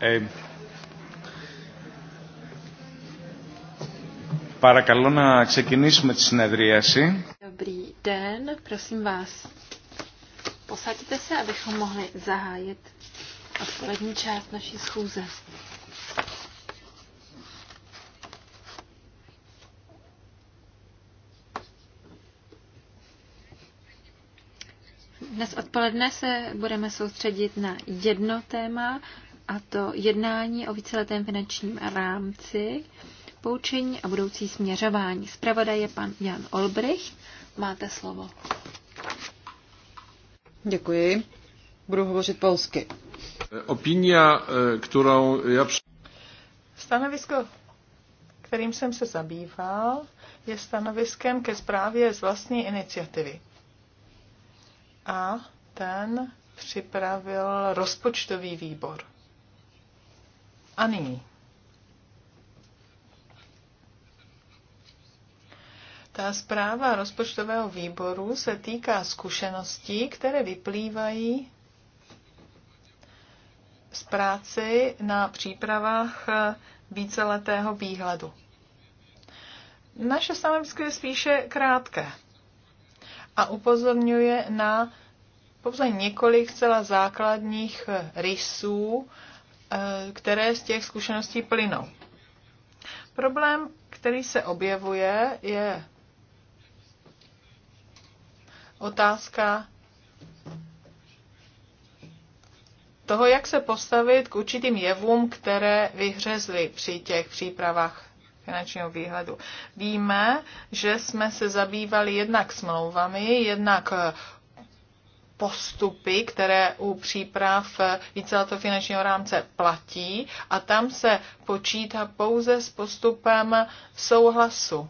Eh, παρακαλώ να ξεκινήσουμε τη συνεδρίαση. Dobrý den, prosím vás. Posaďte se, abychom mohli zahájit odpolední část naší schůze. Dnes odpoledne se budeme soustředit na jedno téma, a to jednání o víceletém finančním rámci, poučení a budoucí směřování. Zpravoda je pan Jan Olbrich. Máte slovo. Děkuji. Budu hovořit polsky. Opinia, e, kterou já... Stanovisko, kterým jsem se zabýval, je stanoviskem ke zprávě z vlastní iniciativy. A ten připravil rozpočtový výbor. A nyní. Ta zpráva rozpočtového výboru se týká zkušeností, které vyplývají z práci na přípravách víceletého výhledu. Naše stanovisko je spíše krátké a upozorňuje na pouze několik zcela základních rysů Eh, které z těch zkušeností plynou. Problém, který se objevuje, je otázka toho, jak se postavit k určitým jevům, které vyhřezly při těch přípravách finančního výhledu. Víme, že jsme se zabývali jednak smlouvami, jednak postupy, které u příprav víceletého finančního rámce platí a tam se počítá pouze s postupem souhlasu.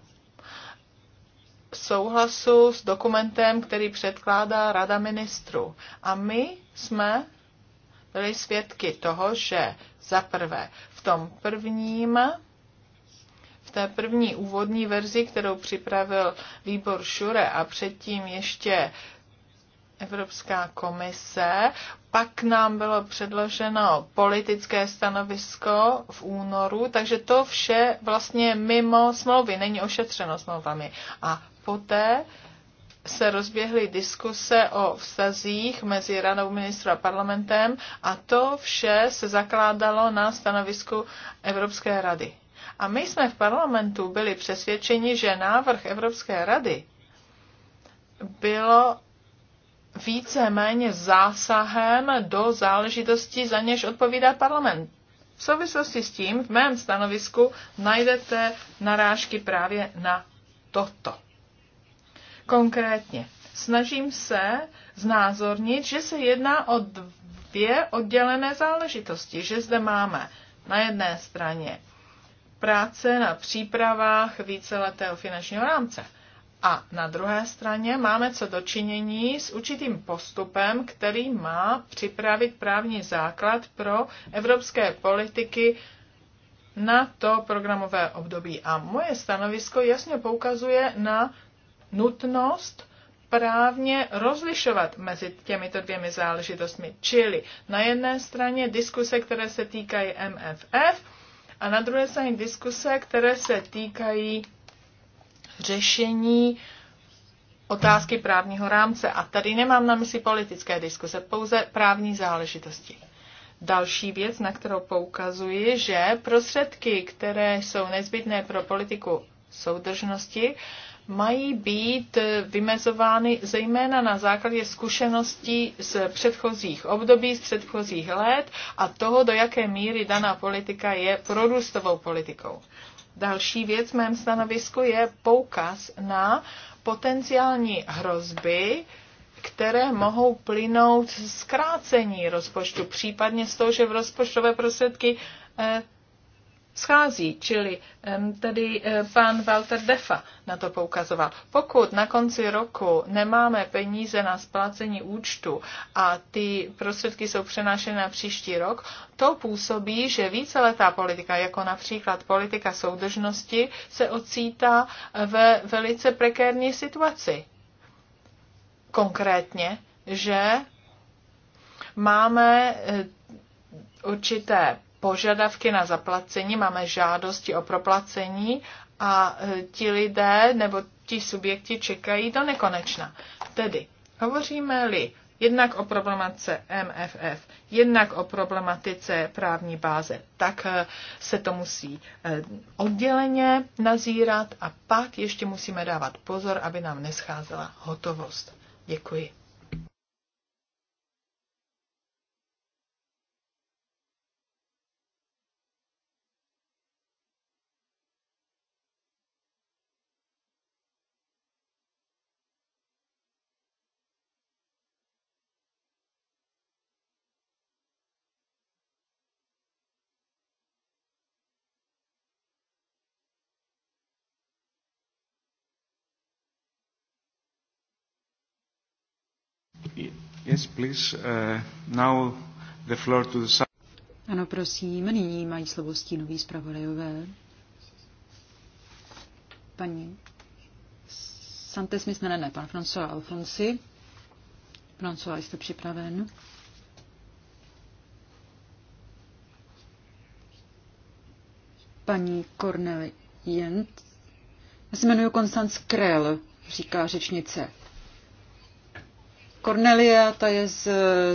Souhlasu s dokumentem, který předkládá Rada ministrů. A my jsme byli svědky toho, že za prvé v tom prvním v té první úvodní verzi, kterou připravil výbor Šure a předtím ještě uh, Evropská komise. Pak nám bylo předloženo politické stanovisko v únoru, takže to vše vlastně mimo smlouvy, není ošetřeno smlouvami. A poté se rozběhly diskuse o vztazích mezi radou ministra a parlamentem a to vše se zakládalo na stanovisku Evropské rady. A my jsme v parlamentu byli přesvědčeni, že návrh Evropské rady bylo více méně zásahem do záležitostí, za něž odpovídá parlament. V souvislosti s tím v mém stanovisku najdete narážky právě na toto. Konkrétně snažím se znázornit, že se jedná o dvě oddělené záležitosti, že zde máme na jedné straně práce na přípravách víceletého finančního rámce a na druhé straně máme co dočinění s určitým postupem, který má připravit právní základ pro evropské politiky na to programové období. A moje stanovisko jasně poukazuje na nutnost právně rozlišovat mezi těmito dvěmi záležitostmi. Čili na jedné straně diskuse, které se týkají MFF, a na druhé straně diskuse, které se týkají řešení otázky právního rámce. A tady nemám na mysli politické diskuse, pouze právní záležitosti. Další věc, na kterou poukazuji, že prostředky, které jsou nezbytné pro politiku soudržnosti, mají být eh, vymezovány zejména na základě zkušeností z předchozích období, z předchozích let a toho, do jaké míry daná politika je prorůstovou politikou. Další věc v mém stanovisku je poukaz na potenciální hrozby, které mohou plynout z zkrácení rozpočtu, případně z toho, že v rozpočtové prostředky eh, schází, čili tady eh, pan Walter Defa na to poukazoval. Pokud na konci roku nemáme peníze na splácení účtu a ty prostředky jsou přenášeny na příští rok, to působí, že víceletá politika, jako například politika soudržnosti, se ocítá ve velice prekérní situaci. Konkrétně, že máme eh, určité požadavky na zaplacení, máme žádosti o proplacení a e, ti lidé nebo ti subjekti čekají do nekonečna. Tedy hovoříme-li jednak o problematice MFF, jednak o problematice právní báze, tak e, se to musí e, odděleně nazírat a pak ještě musíme dávat pozor, aby nám nescházela hotovost. Děkuji. Yes, please. Uh, now the floor to the... Ano, prosím, nyní mají slovo stínový zpravodajové. Paní Santes, myslím, ne, ne, pan François Alfonsi. François, jste připraven? Paní Cornel Jent. Já se jmenuji Konstanc Krell, říká řečnice. Cornelia, ta je z,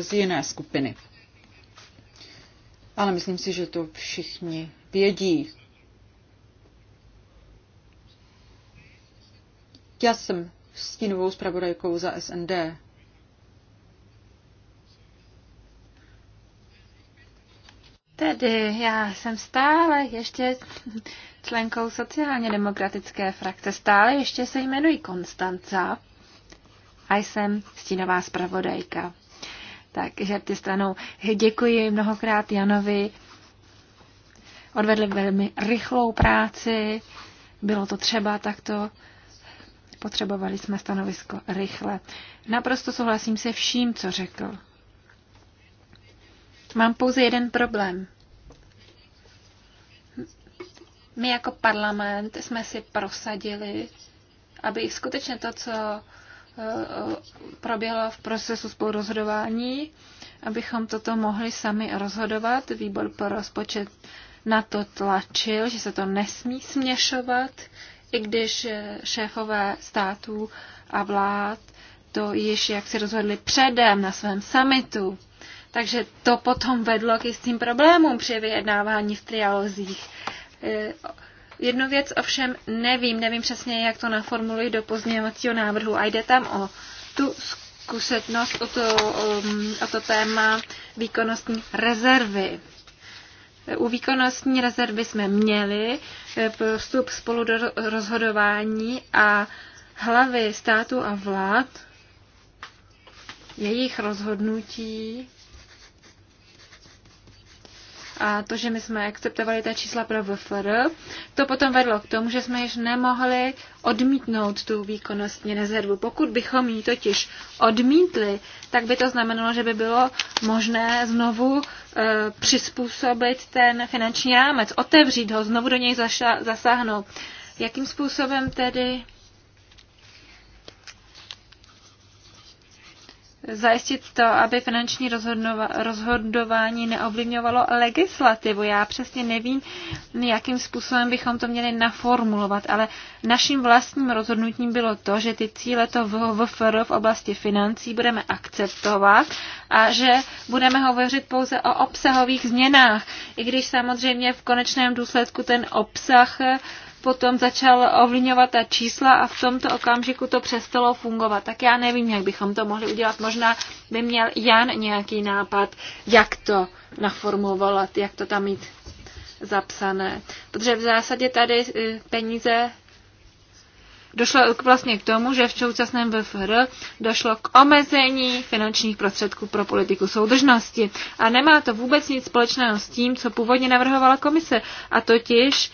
z jiné skupiny. Ale myslím si, že to všichni vědí. Já jsem stínovou zpravodajkou za SND. Tedy já jsem stále ještě členkou sociálně demokratické frakce. Stále ještě se jmenuji Konstanca a jsem stínová zpravodajka. Tak, žerty stranou. Děkuji mnohokrát Janovi. Odvedli velmi rychlou práci. Bylo to třeba takto. Potřebovali jsme stanovisko rychle. Naprosto souhlasím se vším, co řekl. Mám pouze jeden problém. My jako parlament jsme si prosadili, aby skutečně to, co proběhla v procesu spolurozhodování, abychom toto mohli sami rozhodovat. Výbor pro rozpočet na to tlačil, že se to nesmí směšovat, i když šéfové států a vlád to již jak si rozhodli předem na svém summitu. Takže to potom vedlo k jistým problémům při vyjednávání v trialozích Jednu věc ovšem nevím, nevím přesně, jak to naformuluji do pozměňovacího návrhu a jde tam o tu zkušenost, o to, um, o to téma výkonnostní rezervy. U výkonnostní rezervy jsme měli vstup eh, spolu do rozhodování a hlavy státu a vlád, jejich rozhodnutí a to, že my jsme akceptovali ta čísla pro VFR, to potom vedlo k tomu, že jsme již nemohli odmítnout tu výkonnostní rezervu. Pokud bychom ji totiž odmítli, tak by to znamenalo, že by bylo možné znovu e, přizpůsobit ten finanční rámec, otevřít ho, znovu do něj zaša- zasáhnout. Jakým způsobem tedy zajistit to, aby finanční rozhodování neovlivňovalo legislativu. Já přesně nevím, jakým způsobem bychom to měli naformulovat, ale naším vlastním rozhodnutím bylo to, že ty cíle to v VFR v oblasti financí budeme akceptovat a že budeme hovořit pouze o obsahových změnách, i když samozřejmě v konečném důsledku ten obsah potom začal ovlivňovat ta čísla a v tomto okamžiku to přestalo fungovat. Tak já nevím, jak bychom to mohli udělat. Možná by měl Jan nějaký nápad, jak to naformulovat, jak to tam mít zapsané. Protože v zásadě tady eh, peníze došlo k vlastně k tomu, že v současném VFR došlo k omezení finančních prostředků pro politiku soudržnosti. A nemá to vůbec nic společného s tím, co původně navrhovala komise, a totiž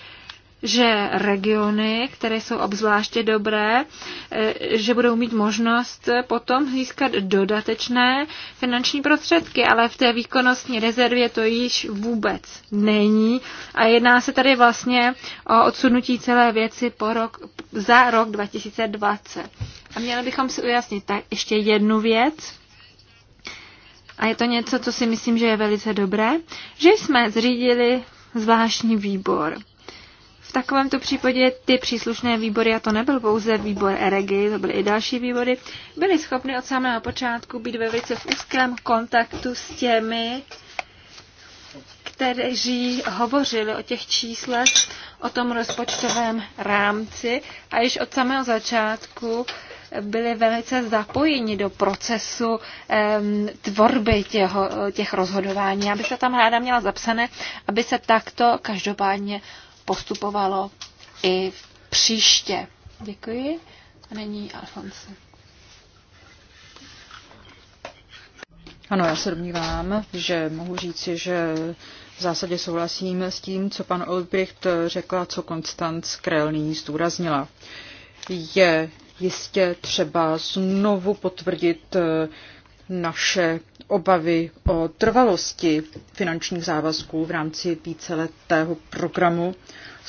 že regiony, které jsou obzvláště dobré, eh, že budou mít možnost potom získat dodatečné finanční prostředky, ale v té výkonnostní rezervě to již vůbec není. A jedná se tady vlastně o odsunutí celé věci po rok, za rok 2020. A měli bychom si ujasnit tak ještě jednu věc. A je to něco, co si myslím, že je velice dobré, že jsme zřídili zvláštní výbor v takovémto případě ty příslušné výbory, a to nebyl pouze výbor Eregy, to byly i další výbory, byly schopny od samého počátku být ve velice v úzkém kontaktu s těmi, kteří hovořili o těch číslech, o tom rozpočtovém rámci a již od samého začátku byli velice zapojeni do procesu um, tvorby těho, těch rozhodování. Aby se tam ráda měla zapsané, aby se takto každopádně postupovalo i příště. Děkuji. A není Alfonso. Ano, já se domnívám, že mohu říci, že v zásadě souhlasím s tím, co pan Olbricht řekla, co Konstanc Krell nyní zdůraznila. Je jistě třeba znovu potvrdit naše obavy o trvalosti finančních závazků v rámci víceletého programu,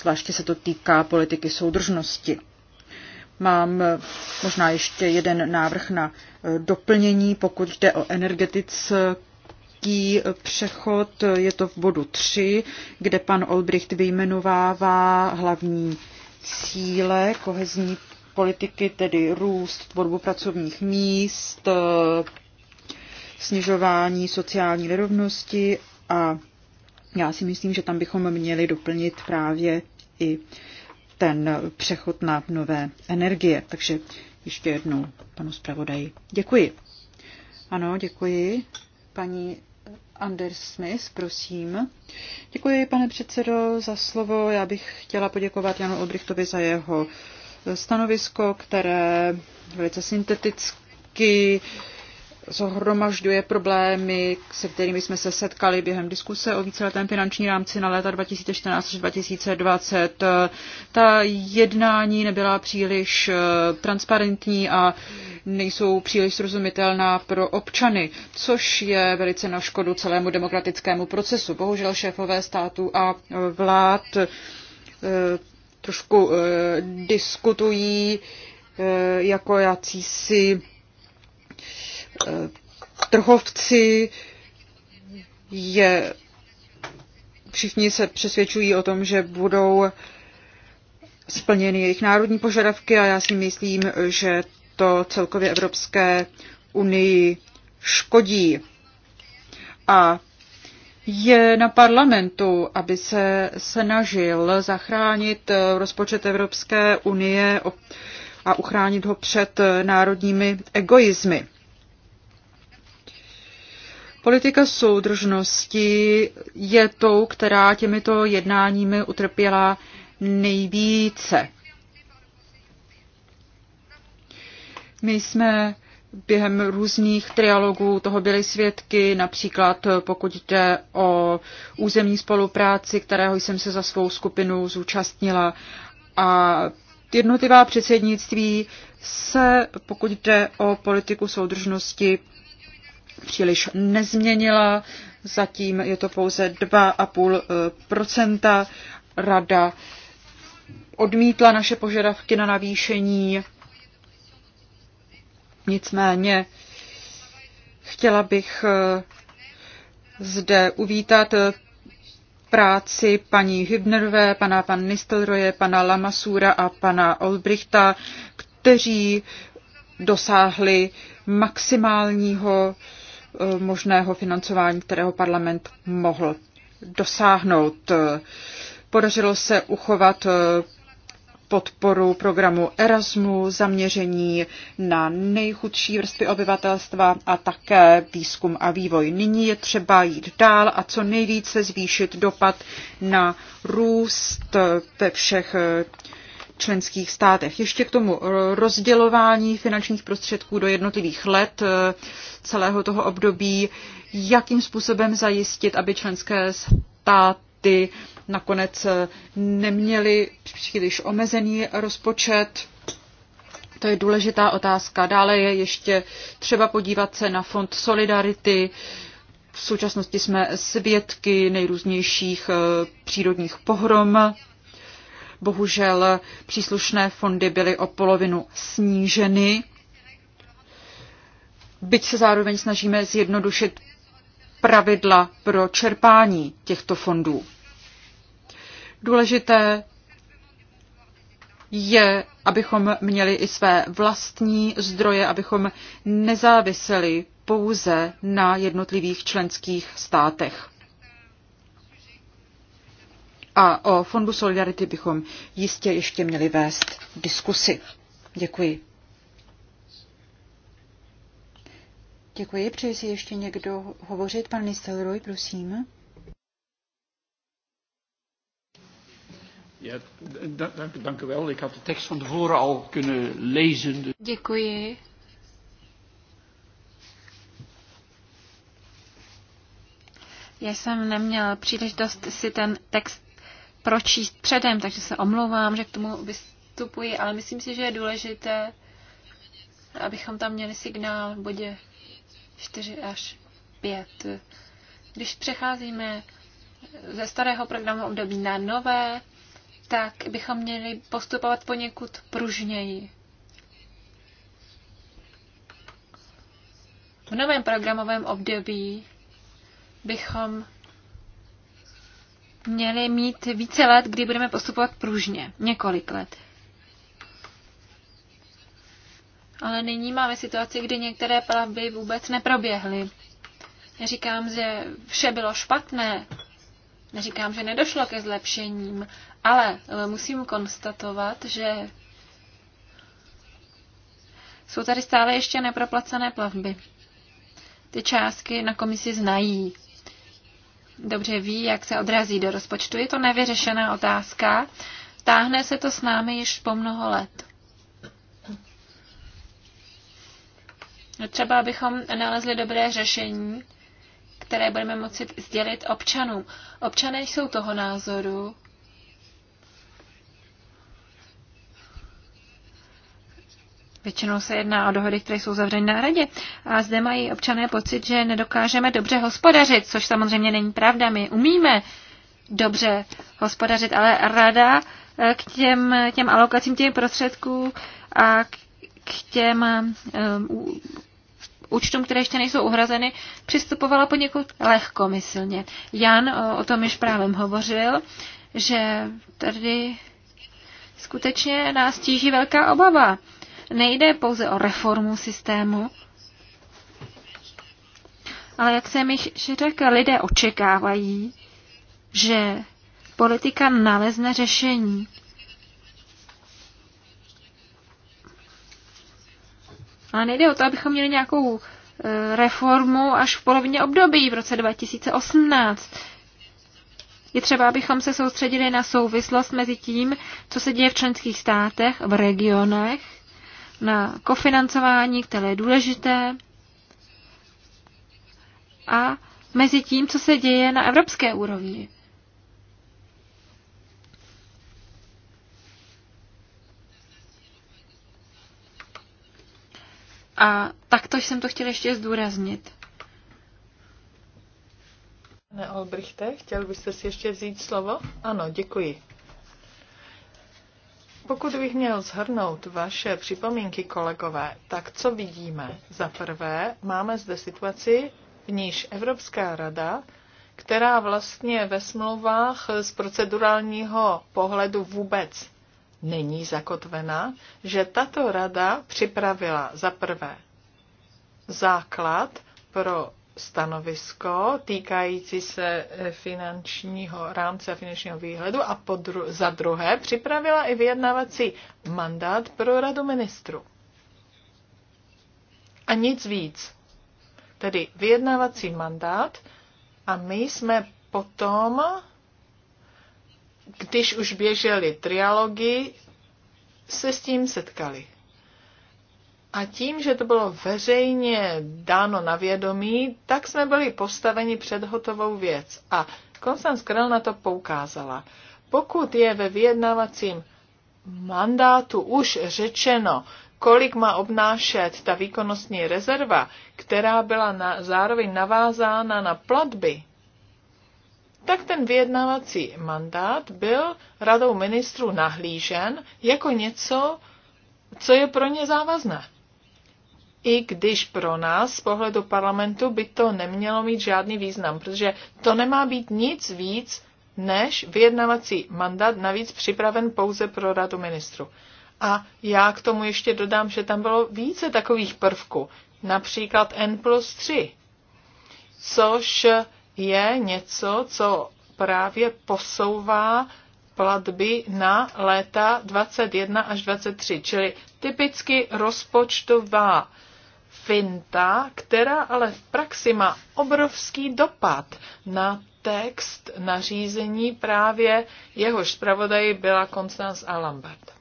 zvláště se to týká politiky soudržnosti. Mám možná ještě jeden návrh na doplnění, pokud jde o energetický přechod. Je to v bodu 3, kde pan Olbricht vyjmenovává hlavní cíle kohezní politiky, tedy růst, tvorbu pracovních míst, snižování sociální nerovnosti a já si myslím, že tam bychom měli doplnit právě i ten přechod na nové energie. Takže ještě jednou panu zpravodaji děkuji. Ano, děkuji. Paní Anders Smith, prosím. Děkuji, pane předsedo, za slovo. Já bych chtěla poděkovat Janu Obrichtovi za jeho stanovisko, které velice synteticky zhromažďuje problémy, se kterými jsme se setkali během diskuse o víceletém finanční rámci na léta 2014 až 2020. Ta jednání nebyla příliš eh, transparentní a nejsou příliš srozumitelná pro občany, což je velice na škodu celému demokratickému procesu. Bohužel šéfové státu a vlád eh, trošku eh, diskutují jako jací trhovci je všichni se přesvědčují o tom, že budou splněny jejich národní požadavky a já si myslím, že to celkově Evropské unii škodí. A je na parlamentu, aby se snažil zachránit rozpočet Evropské unie a uchránit ho před národními egoizmy. Politika soudržnosti je tou, která těmito jednáními utrpěla nejvíce. My jsme během různých trialogů toho byli svědky, například pokud jde o územní spolupráci, kterého jsem se za svou skupinu zúčastnila. A jednotlivá předsednictví se, pokud jde o politiku soudržnosti, příliš nezměnila. Zatím je to pouze 2,5 Rada odmítla naše požadavky na navýšení. Nicméně chtěla bych eh, zde uvítat eh, práci paní Hübnerové, pana pan Nistelroje, pana Lamasura a pana Olbrichta, kteří dosáhli maximálního Eh, možného financování, kterého parlament mohl dosáhnout. Podařilo se uchovat eh, podporu programu Erasmu, zaměření na nejchudší vrstvy obyvatelstva a také výzkum a vývoj. Nyní je třeba jít dál a co nejvíce zvýšit dopad na růst ve všech eh, členských státech. Ještě k tomu rozdělování finančních prostředků do jednotlivých let e, celého toho období, jakým způsobem zajistit, aby členské státy nakonec e, neměly příliš omezený rozpočet. To je důležitá otázka. Dále je ještě třeba podívat se na fond Solidarity. V současnosti jsme svědky nejrůznějších e, přírodních pohrom Bohužel příslušné fondy byly o polovinu sníženy, byť se zároveň snažíme zjednodušit pravidla pro čerpání těchto fondů. Důležité je, abychom měli i své vlastní zdroje, abychom nezáviseli pouze na jednotlivých členských státech a o Fondu Solidarity bychom jistě ještě měli vést diskusy. Děkuji. Děkuji. Přeji si ještě někdo hovořit. Pan Nistelrooy, prosím. Děkuji. Já jsem neměl příliš dost si ten text pročíst předem, takže se omlouvám, že k tomu vystupuji, ale myslím si, že je důležité, abychom tam měli signál v bodě 4 až 5. Když přecházíme ze starého programu období na nové, tak bychom měli postupovat poněkud pružněji. V novém programovém období bychom měli mít více let, kdy budeme postupovat pružně. Několik let. Ale nyní máme situaci, kdy některé plavby vůbec neproběhly. Neříkám, že vše bylo špatné, neříkám, že nedošlo ke zlepšením, ale eh, musím konstatovat, že jsou tady stále ještě neproplacené plavby. Ty částky na komisi znají dobře ví, jak se odrazí do rozpočtu. Je to nevyřešená otázka. Táhne se to s námi již po mnoho let. Třeba abychom nalezli dobré řešení, které budeme moci sdělit občanům. Občané jsou toho názoru, Většinou se jedná o dohody, které jsou zavřeny na radě. A zde mají občané pocit, že nedokážeme dobře hospodařit, což samozřejmě není pravda. My umíme dobře hospodařit, ale rada eh, k těm, těm alokacím těch prostředků a k těm um, účtům, které ještě nejsou uhrazeny, přistupovala poněkud lehkomyslně. Jan o tom již právě hovořil, že tady skutečně nás tíží velká obava nejde pouze o reformu systému, ale jak jsem již řekl, lidé očekávají, že politika nalezne řešení. A nejde o to, abychom měli nějakou e, reformu až v polovině období v roce 2018. Je třeba, abychom se soustředili na souvislost mezi tím, co se děje v členských státech, v regionech na kofinancování, které je důležité. A mezi tím, co se děje na evropské úrovni. A takto jsem to chtěla ještě zdůraznit. Pane Olbrichte, chtěl byste si ještě vzít slovo? Ano, děkuji. Pokud bych měl zhrnout vaše připomínky, kolegové, tak co vidíme? Za prvé, máme zde situaci, v níž Evropská rada, která vlastně ve smlouvách z procedurálního pohledu vůbec není zakotvena, že tato rada připravila za prvé základ pro stanovisko týkající se eh, finančního rámce a finančního výhledu a podru- za druhé připravila i vyjednávací mandát pro radu ministru. A nic víc. Tedy vyjednávací mandát a my jsme potom, když už běžely trialogy, se s tím setkali. A tím, že to bylo veřejně dáno na vědomí, tak jsme byli postaveni před hotovou věc. A Konstanz Krell na to poukázala. Pokud je ve vyjednávacím mandátu už řečeno, kolik má obnášet ta výkonnostní rezerva, která byla na, zároveň navázána na platby, tak ten vyjednávací mandát byl radou ministrů nahlížen jako něco, co je pro ně závazné i když pro nás z pohledu parlamentu by to nemělo mít žádný význam, protože to nemá být nic víc než vyjednavací mandát, navíc připraven pouze pro radu ministru. A já k tomu ještě dodám, že tam bylo více takových prvků, například N plus 3, což je něco, co právě posouvá platby na léta 21 až 23, čili typicky rozpočtová finta, která ale v praxi má obrovský dopad na text nařízení právě jehož zpravodají byla Constance a Lambert.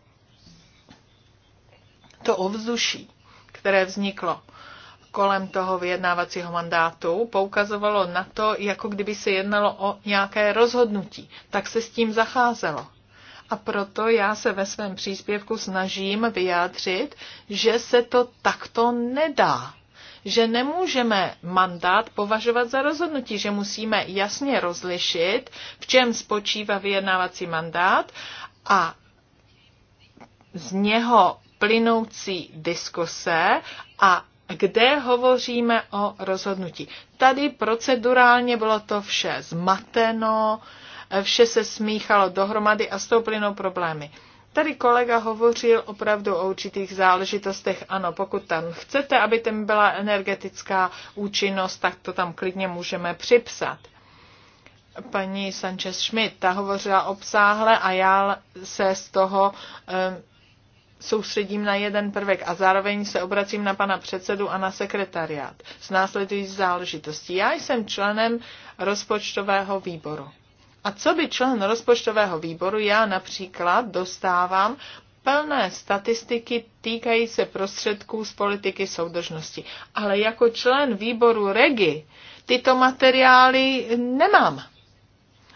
To ovzduší, které vzniklo kolem toho vyjednávacího mandátu, poukazovalo na to, jako kdyby se jednalo o nějaké rozhodnutí. Tak se s tím zacházelo a proto já se ve svém příspěvku snažím vyjádřit, že se to takto nedá že nemůžeme mandát považovat za rozhodnutí, že musíme jasně rozlišit, v čem spočívá vyjednávací mandát a z něho plynoucí diskuse a kde hovoříme o rozhodnutí. Tady procedurálně bylo to vše zmateno, uh, vše se smíchalo dohromady a s tou plynou problémy. Tady kolega hovořil opravdu o určitých záležitostech. Ano, pokud tam chcete, aby tam byla energetická účinnost, tak to tam klidně můžeme připsat. Paní Sanchez Schmidt, ta hovořila obsáhle a já se z toho um, soustředím na jeden prvek a zároveň se obracím na pana předsedu a na sekretariát s následující záležitostí. Já jsem členem rozpočtového výboru a co by člen rozpočtového výboru, já například dostávám plné statistiky týkají se prostředků z politiky soudržnosti. Ale jako člen výboru REGI tyto materiály nemám.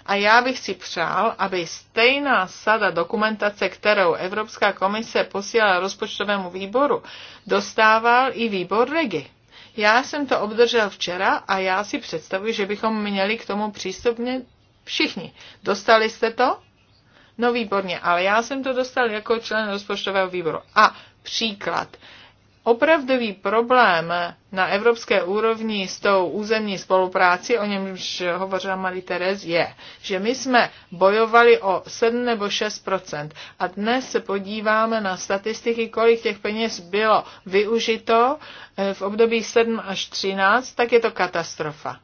A já bych si přál, aby stejná sada dokumentace, kterou Evropská komise posílala rozpočtovému výboru, dostával i výbor REGI. Já jsem to obdržel včera a já si představuji, že bychom měli k tomu přístupně Všichni. Dostali jste to? No výborně, ale já jsem to dostal jako člen rozpočtového výboru. A příklad. Opravdový problém na evropské úrovni s tou územní spolupráci, o němž hovořila Marie Terez, je, že my jsme bojovali o 7 nebo 6 a dnes se podíváme na statistiky, kolik těch peněz bylo využito eh, v období 7 až 13, tak je to katastrofa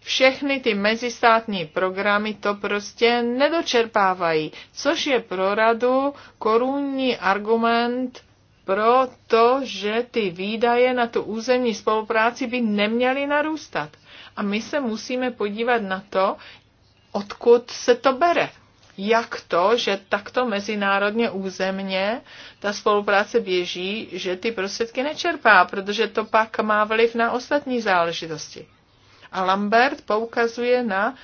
všechny ty mezistátní programy to prostě nedočerpávají, což je pro radu korunní argument pro to, že ty výdaje na tu územní spolupráci by neměly narůstat. A my se musíme podívat na to, odkud se to bere. Jak to, že takto mezinárodně územně ta spolupráce běží, že ty prostředky nečerpá, protože to pak má vliv na ostatní záležitosti. A Lambert poukazuje na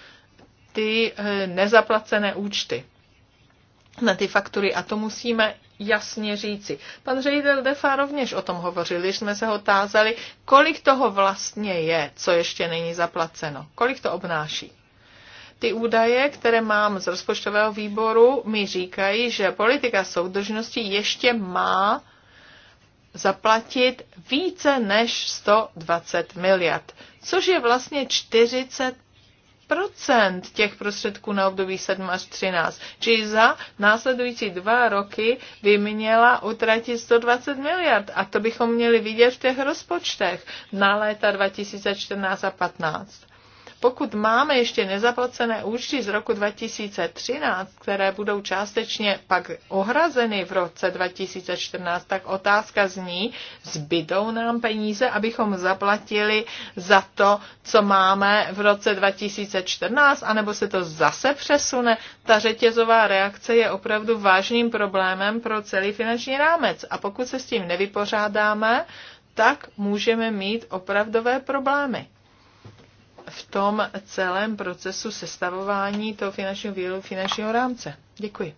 ty eh, nezaplacené účty, na ty faktury. A to musíme jasně říci. Pan ředitel Defa rovněž o tom hovořil, když jsme se ho tázali, kolik toho vlastně je, co ještě není zaplaceno, kolik to obnáší. Ty údaje, které mám z rozpočtového výboru, mi říkají, že politika soudržnosti ještě má zaplatit více než 120 miliard, což je vlastně 40 procent těch prostředků na období 7 až 13. Čili za následující dva roky by měla utratit 120 miliard a to bychom měli vidět v těch rozpočtech na léta 2014 a 15. Pokud máme ještě nezaplacené účty z roku 2013, které budou částečně pak ohrazeny v roce 2014, tak otázka zní, zbydou nám peníze, abychom zaplatili za to, co máme v roce 2014, anebo se to zase přesune. Ta řetězová reakce je opravdu vážným problémem pro celý finanční rámec. A pokud se s tím nevypořádáme, tak můžeme mít opravdové problémy v tom celém procesu sestavování toho finančního výhledu finančního rámce. Děkuji.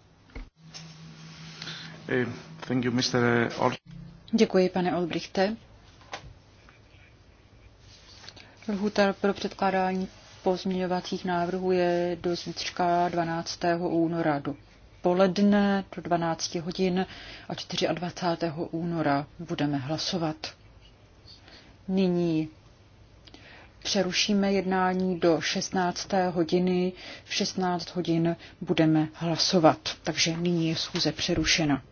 Thank you, Mr. Or- Děkuji, pane Olbrichte. Lhuta pro předkládání pozměňovacích návrhů je do zítřka 12. února do poledne do 12 hodin a 24. února budeme hlasovat. Nyní přerušíme jednání do 16. hodiny. V 16 hodin budeme hlasovat, takže nyní je schůze přerušena.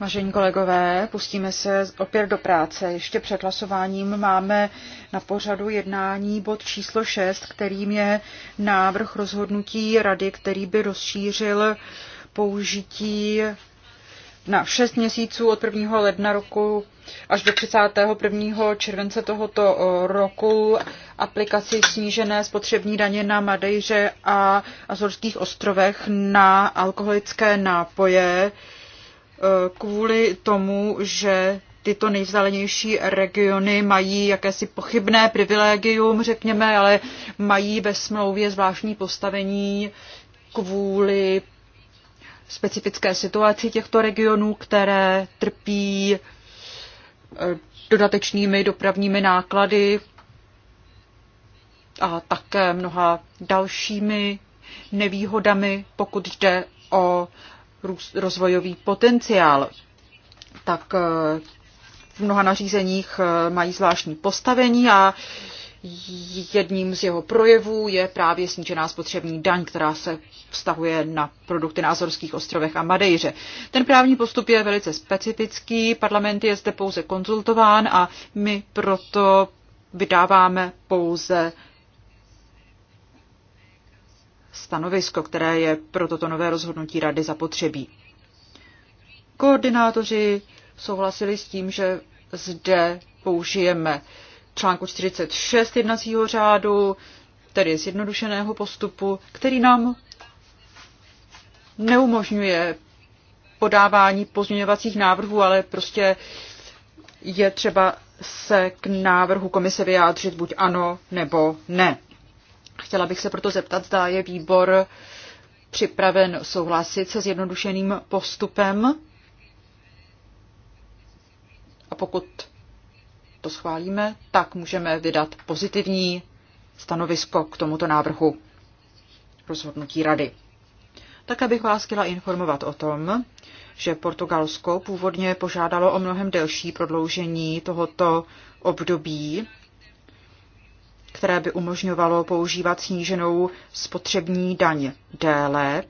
Vážení kolegové, pustíme se opět do práce. Ještě před hlasováním máme na pořadu jednání bod číslo 6, kterým je návrh rozhodnutí rady, který by rozšířil použití na 6 měsíců od 1. ledna roku až do 31. července tohoto roku aplikaci snížené spotřební daně na Madejře a Azorských ostrovech na alkoholické nápoje e, kvůli tomu, že tyto nejvzdálenější regiony mají jakési pochybné privilegium, řekněme, ale mají ve smlouvě zvláštní postavení kvůli specifické situaci těchto regionů, které trpí eh, dodatečnými dopravními náklady a také mnoha dalšími nevýhodami, pokud jde o rozvojový potenciál. Tak eh, v mnoha nařízeních eh, mají zvláštní postavení a Jedním z jeho projevů je právě snížená spotřební daň, která se vztahuje na produkty na Azorských ostrovech a Madejře. Ten právní postup je velice specifický, parlament je zde pouze konzultován a my proto vydáváme pouze stanovisko, které je pro toto nové rozhodnutí rady zapotřebí. Koordinátoři souhlasili s tím, že zde použijeme článku 46 jednacího řádu, tedy zjednodušeného postupu, který nám neumožňuje podávání pozměňovacích návrhů, ale prostě je třeba se k návrhu komise vyjádřit buď ano nebo ne. Chtěla bych se proto zeptat, zda je výbor připraven souhlasit se zjednodušeným postupem. A pokud to schválíme, tak můžeme vydat pozitivní stanovisko k tomuto návrhu rozhodnutí Rady. Také bych vás chtěla informovat o tom, že Portugalsko původně požádalo o mnohem delší prodloužení tohoto období, které by umožňovalo používat sníženou spotřební daň déle,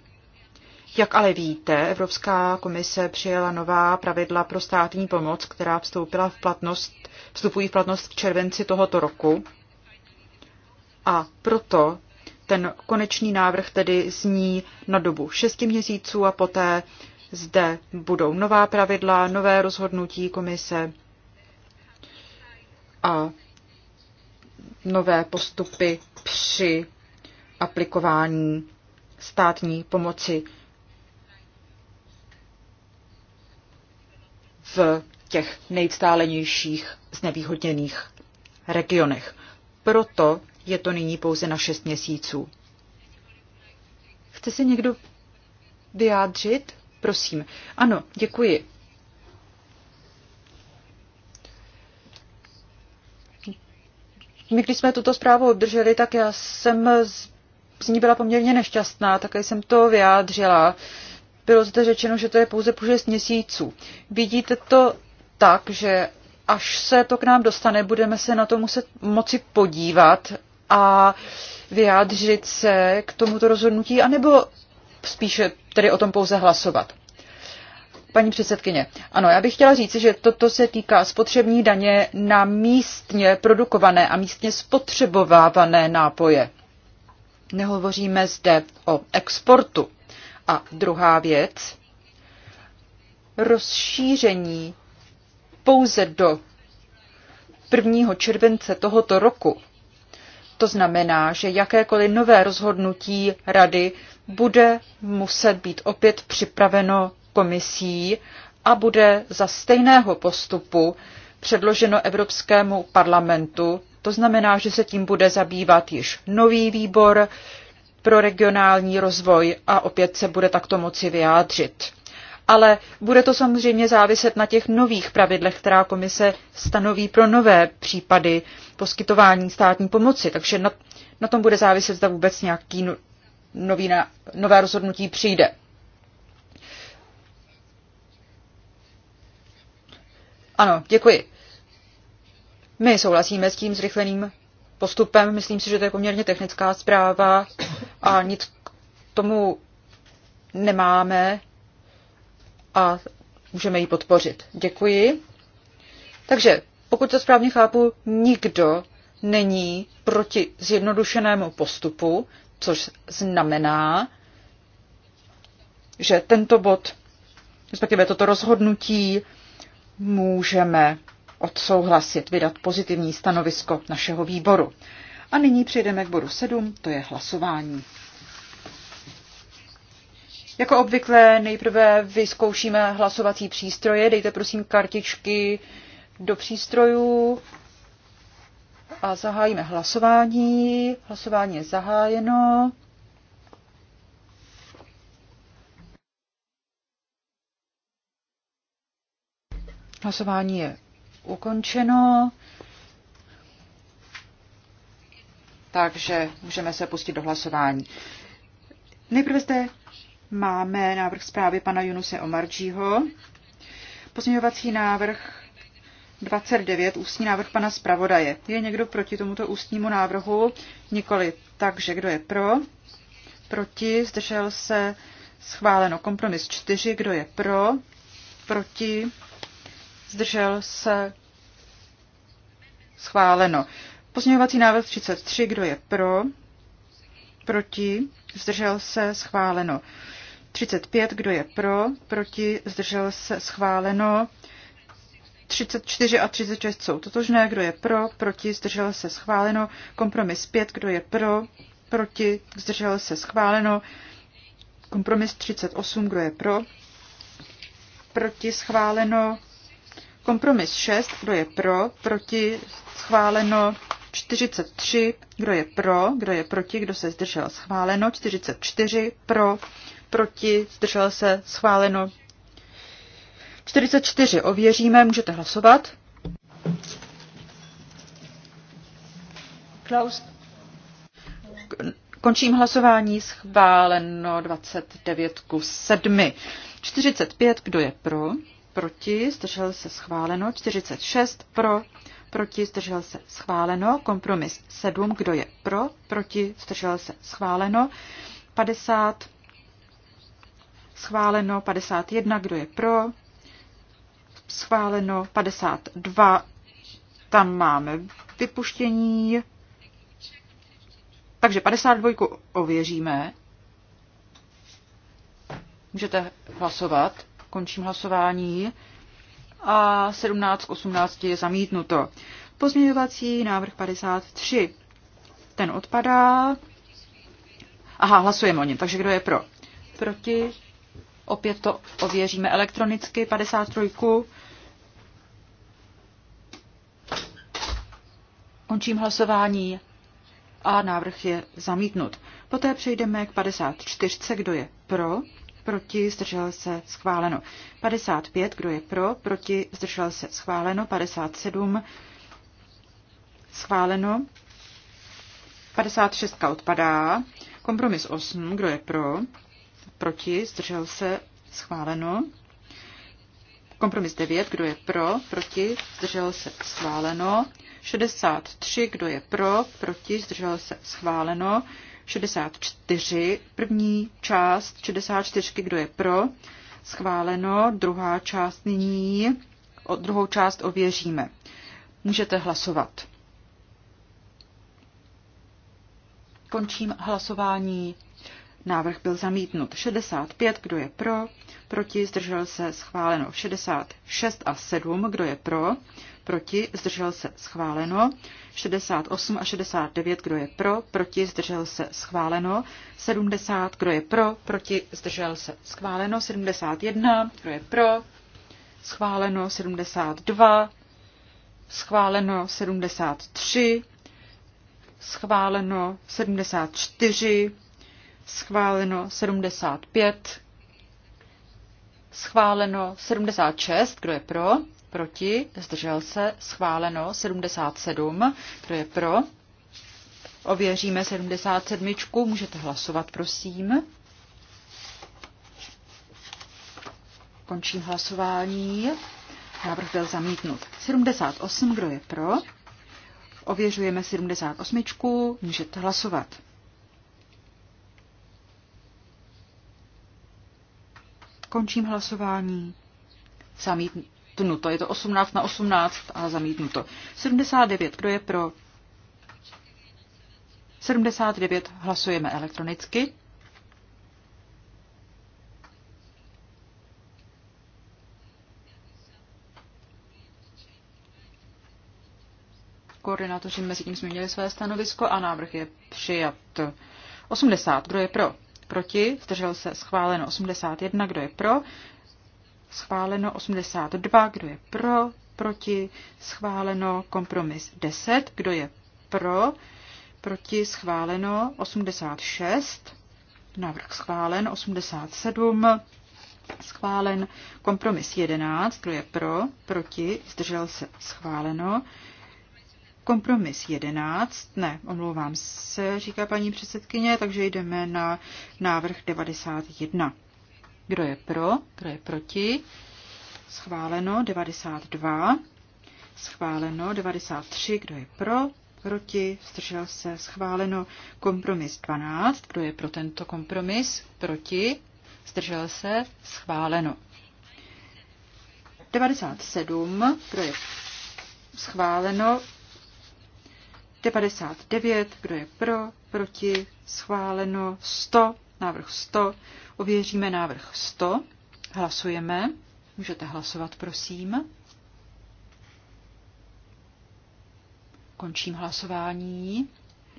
jak ale víte, Evropská komise přijela nová pravidla pro státní pomoc, která vstoupila v platnost, vstupují v platnost v červenci tohoto roku. A proto ten konečný návrh tedy zní na dobu 6 měsíců a poté zde budou nová pravidla, nové rozhodnutí komise a nové postupy při aplikování státní pomoci v těch nejvzdálenějších znevýhodněných regionech. Proto je to nyní pouze na 6 měsíců. Chce se někdo vyjádřit? Prosím. Ano, děkuji. My, když jsme tuto zprávu obdrželi, tak já jsem z ní byla poměrně nešťastná, také jsem to vyjádřila. Uh, bylo zde řečeno, že to je pouze po 6 měsíců. Vidíte to tak, že až se to k nám dostane, budeme se na to muset moci podívat a vyjádřit se k tomuto rozhodnutí, anebo spíše tedy o tom pouze hlasovat. Paní předsedkyně, ano, já bych chtěla říci, že toto se týká spotřební daně na místně produkované a místně spotřebovávané nápoje. Nehovoříme zde o exportu. A druhá věc, rozšíření pouze do 1. července tohoto roku. To znamená, že jakékoliv nové rozhodnutí rady bude muset být opět připraveno komisí a bude za stejného postupu předloženo Evropskému parlamentu. To znamená, že se tím bude zabývat již nový výbor, pro regionální rozvoj a opět se bude takto moci vyjádřit. Ale bude to samozřejmě záviset na těch nových pravidlech, která komise stanoví pro nové případy poskytování státní pomoci. Takže na, na tom bude záviset, zda vůbec nějaký no, nové rozhodnutí přijde. Ano, děkuji. My souhlasíme s tím zrychleným postupem. Myslím si, že to je poměrně technická zpráva a nic k tomu nemáme a můžeme ji podpořit. Děkuji. Takže pokud to správně chápu, nikdo není proti zjednodušenému postupu, což znamená, že tento bod, respektive toto rozhodnutí, můžeme odsouhlasit, vydat pozitivní stanovisko našeho výboru. A nyní přejdeme k bodu 7, to je hlasování. Jako obvykle nejprve vyzkoušíme hlasovací přístroje. Dejte prosím kartičky do přístrojů a zahájíme hlasování. Hlasování je zahájeno. Hlasování je ukončeno. Takže můžeme se pustit do hlasování. Nejprve zde máme návrh zprávy pana Junuse Omarčího. Pozměňovací návrh 29, ústní návrh pana zpravodaje. Je někdo proti tomuto ústnímu návrhu? Nikoli. Takže kdo je pro? Proti. Zdržel se schváleno. Kompromis 4. Kdo je pro? Proti zdržel se, schváleno. Pozměňovací návrh 33, kdo je pro, proti, zdržel se, schváleno. 35, kdo je pro, proti, zdržel se, schváleno. 34 a 36 jsou totožné, kdo je pro, proti, zdržel se, schváleno. Kompromis 5, kdo je pro, proti, zdržel se, schváleno. Kompromis 38, kdo je pro, proti, schváleno. Kompromis 6, kdo je pro, proti, schváleno 43, kdo je pro, kdo je proti, kdo se zdržel, schváleno 44, pro, proti, zdržel se, schváleno 44, ověříme, můžete hlasovat. Klaus. Končím hlasování, schváleno 29 ku 7. 45, kdo je pro, proti, zdržel se schváleno, 46 pro, proti, zdržel se schváleno, kompromis 7, kdo je pro, proti, zdržel se schváleno, 50 schváleno, 51, kdo je pro, schváleno, 52, tam máme vypuštění, takže 52 ověříme. Můžete hlasovat. Končím hlasování. A 17 k 18 je zamítnuto. Pozměňovací návrh 53. Ten odpadá. Aha, hlasujeme o něm, takže kdo je pro? Proti? Opět to ověříme elektronicky, 53. Končím hlasování a návrh je zamítnut. Poté přejdeme k 54. Kdo je pro? proti, zdržel se, schváleno. 55, kdo je pro, proti, zdržel se, schváleno. 57, schváleno. 56 odpadá. Kompromis 8, kdo je pro, proti, zdržel se, schváleno. Kompromis 9, kdo je pro, proti, zdržel se, schváleno. 63, kdo je pro, proti, zdržel se, schváleno. 64, první část 64, kdo je pro, schváleno, druhá část nyní, o druhou část ověříme. Můžete hlasovat. Končím hlasování. Návrh byl zamítnut. 65, kdo je pro, proti, zdržel se, schváleno. 66 a 7, kdo je pro, proti, zdržel se, schváleno. 68 a 69, kdo je pro, proti, zdržel se, schváleno. 70, kdo je pro, proti, zdržel se, schváleno. 71, kdo je pro, schváleno. 72, schváleno. 73, schváleno. 74, schváleno 75, schváleno 76, kdo je pro, proti, zdržel se, schváleno 77, kdo je pro, ověříme 77, můžete hlasovat, prosím. Končím hlasování. Návrh byl zamítnut. 78, kdo je pro? Ověřujeme 78. Můžete hlasovat. Končím hlasování. Zamítnuto. Je to 18 na 18 a zamítnuto. 79. Kdo je pro? 79. Hlasujeme elektronicky. Koordinátoři mezi tím změnili své stanovisko a návrh je přijat. 80. Kdo je pro? proti, zdržel se schváleno 81, kdo je pro, schváleno 82, kdo je pro, proti, schváleno kompromis 10, kdo je pro, proti, schváleno 86, návrh schválen 87, schválen kompromis 11, kdo je pro, proti, zdržel se schváleno Kompromis 11, ne, omlouvám se, říká paní předsedkyně, takže jdeme na návrh 91. Kdo je pro, kdo je proti? Schváleno 92, schváleno 93, kdo je pro, proti, zdržel se, schváleno kompromis 12, kdo je pro tento kompromis, proti, zdržel se, schváleno. 97, kdo je schváleno, 99, kdo je pro, proti, schváleno 100, návrh 100, ověříme návrh 100, hlasujeme, můžete hlasovat, prosím. Končím hlasování,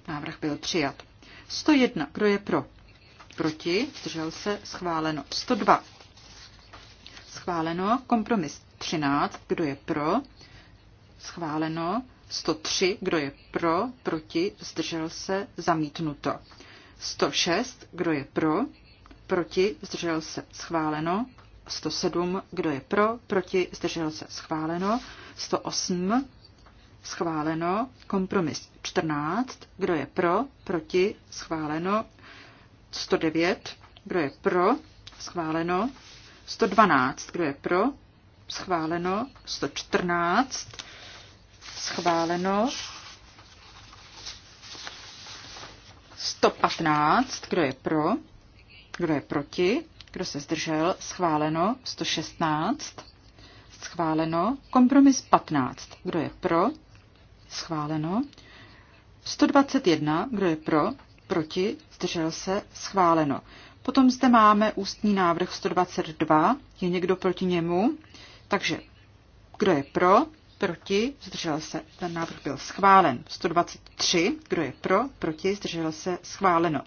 návrh byl přijat. 101, kdo je pro, proti, zdržel se, schváleno 102, schváleno, kompromis 13, kdo je pro, schváleno, 103, kdo je pro, proti, zdržel se, zamítnuto. 106, kdo je pro, proti, zdržel se, schváleno. 107, kdo je pro, proti, zdržel se, schváleno. 108, schváleno. Kompromis 14, kdo je pro, proti, schváleno. 109, kdo je pro, schváleno. 112, kdo je pro, schváleno. 114, schváleno. 115, kdo je pro, kdo je proti, kdo se zdržel, schváleno. 116, schváleno. Kompromis 15, kdo je pro, schváleno. 121, kdo je pro, proti, zdržel se, schváleno. Potom zde máme ústní návrh 122, je někdo proti němu, takže kdo je pro, proti, zdržel se. Ten návrh byl schválen. 123, kdo je pro, proti, zdržel se, schváleno.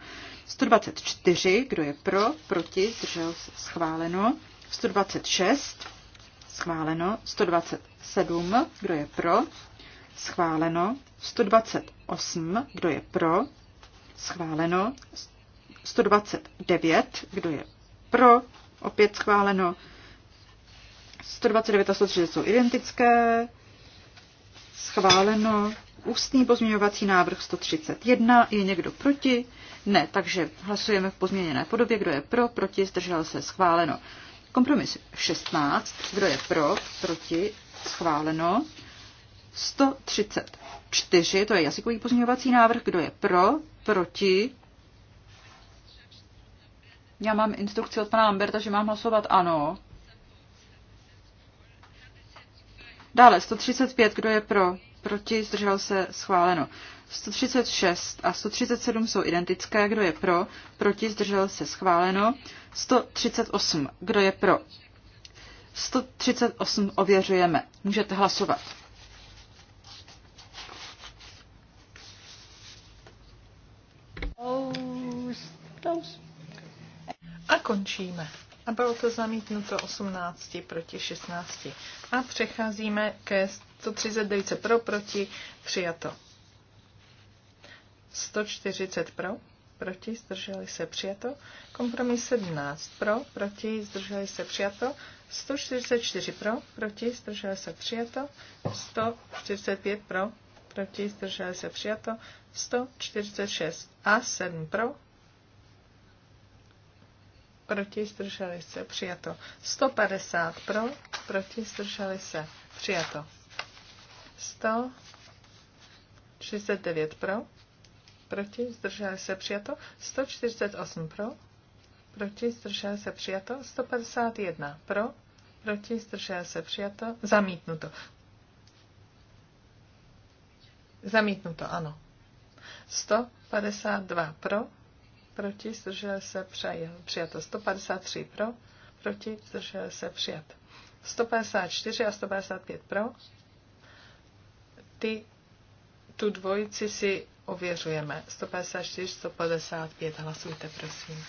124, kdo je pro, proti, zdržel se, schváleno. 126, schváleno. 127, kdo je pro, schváleno. 128, kdo je pro, schváleno. 129, kdo je pro, opět schváleno. 129 a 130 jsou identické, Schváleno. Ústní pozměňovací návrh 131. Je někdo proti? Ne, takže hlasujeme v pozměněné podobě. Kdo je pro, proti, zdržel se, schváleno. Kompromis 16. Kdo je pro, proti, schváleno. 134, to je jazykový pozměňovací návrh. Kdo je pro, proti? Já mám instrukci od pana Amberta, že mám hlasovat ano. Dále 135, kdo je pro, proti, zdržel se, schváleno. 136 a 137 jsou identické, kdo je pro, proti, zdržel se, schváleno. 138, kdo je pro. 138 ověřujeme. Můžete hlasovat. A končíme a bylo to zamítnuto 18 proti 16. A přecházíme ke 139 pro proti přijato. 140 pro, proti, zdrželi se přijato. Kompromis 17 pro, proti, zdrželi se přijato. 144 pro, proti, zdrželi se přijato. 145 pro, proti, zdrželi se přijato. 146 a 7 pro, proti, zdrželi se, přijato. 150 pro, proti, zdrželi se, přijato. 139 pro, proti, zdrželi se, přijato. 148 pro, proti, zdrželi se, přijato. 151 pro, proti, zdrželi se, přijato. Zamítnuto. Zamítnuto, ano. 152 pro, proti, zdržel se přijato. 153 pro, proti, zdržel se přijat. 154 a 155 pro. Ty, tu dvojici si ověřujeme. 154, 155, hlasujte, prosím.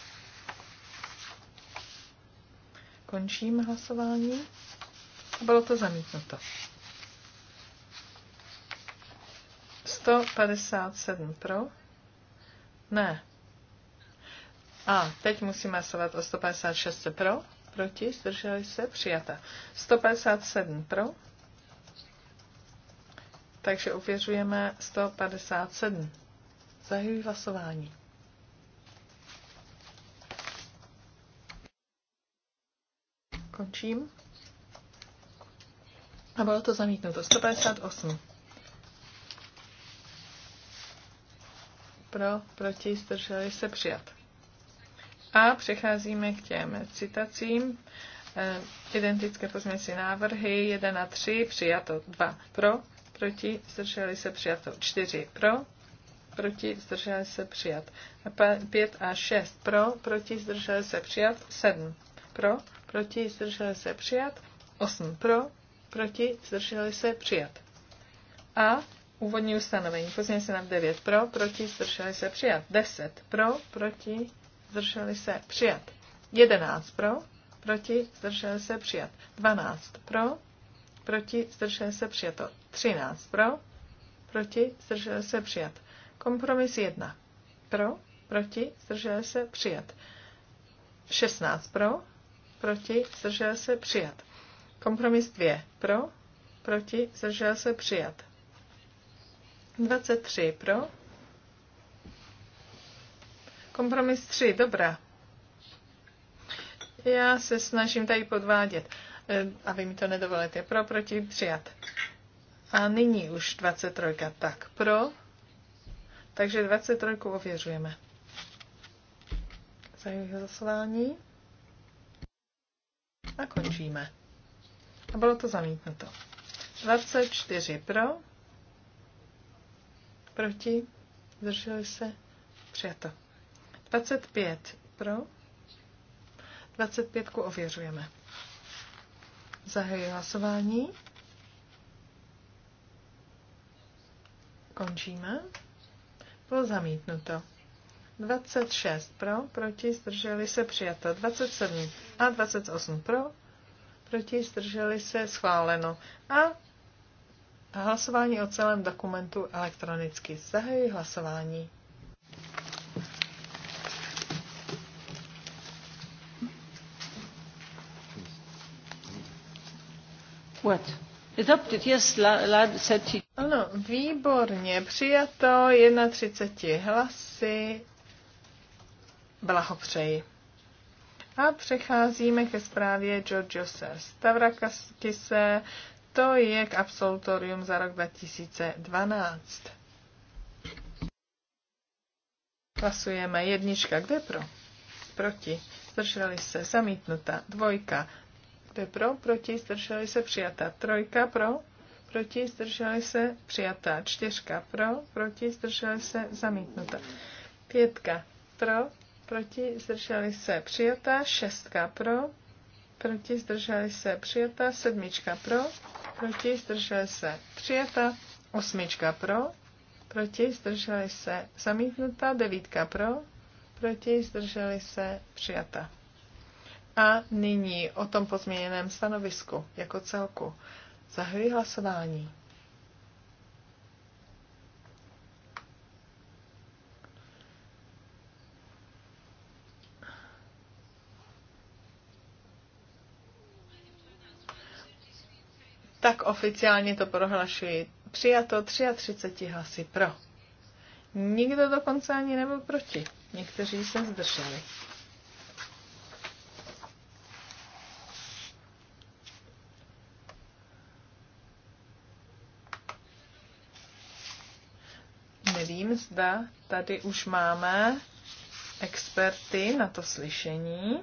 Končím hlasování. Bylo to zamítnuto. 157 pro. Ne, a teď musíme hlasovat o 156 pro, proti, zdrželi se, přijata. 157 pro, takže uvěřujeme 157. Zahajuji hlasování. Končím. A bylo to zamítnuto. 158. Pro, proti, zdrželi se přijat. A přecházíme k těm citacím. Eh, Identické pozměňovací návrhy 1 na 3, přijato 2 pro, proti, zdrželi se přijato 4 pro, proti, zdrželi se přijat 5 a 6 pro, proti, zdrželi se přijat 7 pro, proti, zdrželi se přijat 8 pro, proti, zdrželi se přijat. A úvodní ustanovení. Pozměň návrh 9 pro, proti, zdrželi se přijat. 10 pro, proti, zdrželi se, přijat. 11 pro, proti, zdrželi se, přijat. 12 pro, proti, zdrželi se, přijato. 13 pro, proti, zdrželi se, přijat. Kompromis 1 pro, proti, zdrželi se, přijat. 16 pro, proti, zdržel se, přijat. Kompromis 2, pro, proti, zdržel se, přijat. 23 pro, Kompromis 3, dobrá. Já se snažím tady podvádět, eh, aby mi to nedovolíte. Pro, proti, přijat. A nyní už 23. Tak, pro. Takže 23 ověřujeme. Zajímavé zaslání. A končíme. A bylo to zamítnuto. 24 pro. Proti. Zdrželi se. Přijato. 25 pro. 25 ověřujeme. Zahajuji hlasování. Končíme. Bylo zamítnuto. 26 pro, proti, zdrželi se, přijato. 27 a 28 pro, proti, zdrželi se, schváleno. A hlasování o celém dokumentu elektronicky. Zahajuji hlasování. What? Adopted, yes, lad said he... Ano, výborně, přijato 31 hlasy. Blahopřeji. A přecházíme ke zprávě Georgiose Stavrakakise. To je k absolutorium za rok 2012. Hlasujeme jednička, kde pro? Proti. Zdrželi se, zamítnuta. Dvojka, Dvě pro, proti, zdrželi se, přijatá. Trojka pro, proti, zdrželi se, přijatá. Čtyřka pro, proti, zdrželi se, zamítnuta. Pětka pro, proti, zdrželi se, přijatá. Šestka pro, proti, zdrželi se, přijatá. Sedmička pro, proti, zdrželi se, přijatá. Osmička pro, proti, zdrželi se, zamítnuta. Devítka pro, proti, zdrželi se, přijatá. A nyní o tom pozměněném stanovisku jako celku. Zahajuji hlasování. Tak oficiálně to prohlašuji. Přijato 33 hlasy pro. Nikdo dokonce ani nebyl proti. Někteří se zdrželi. zda tady už máme experty na to slyšení.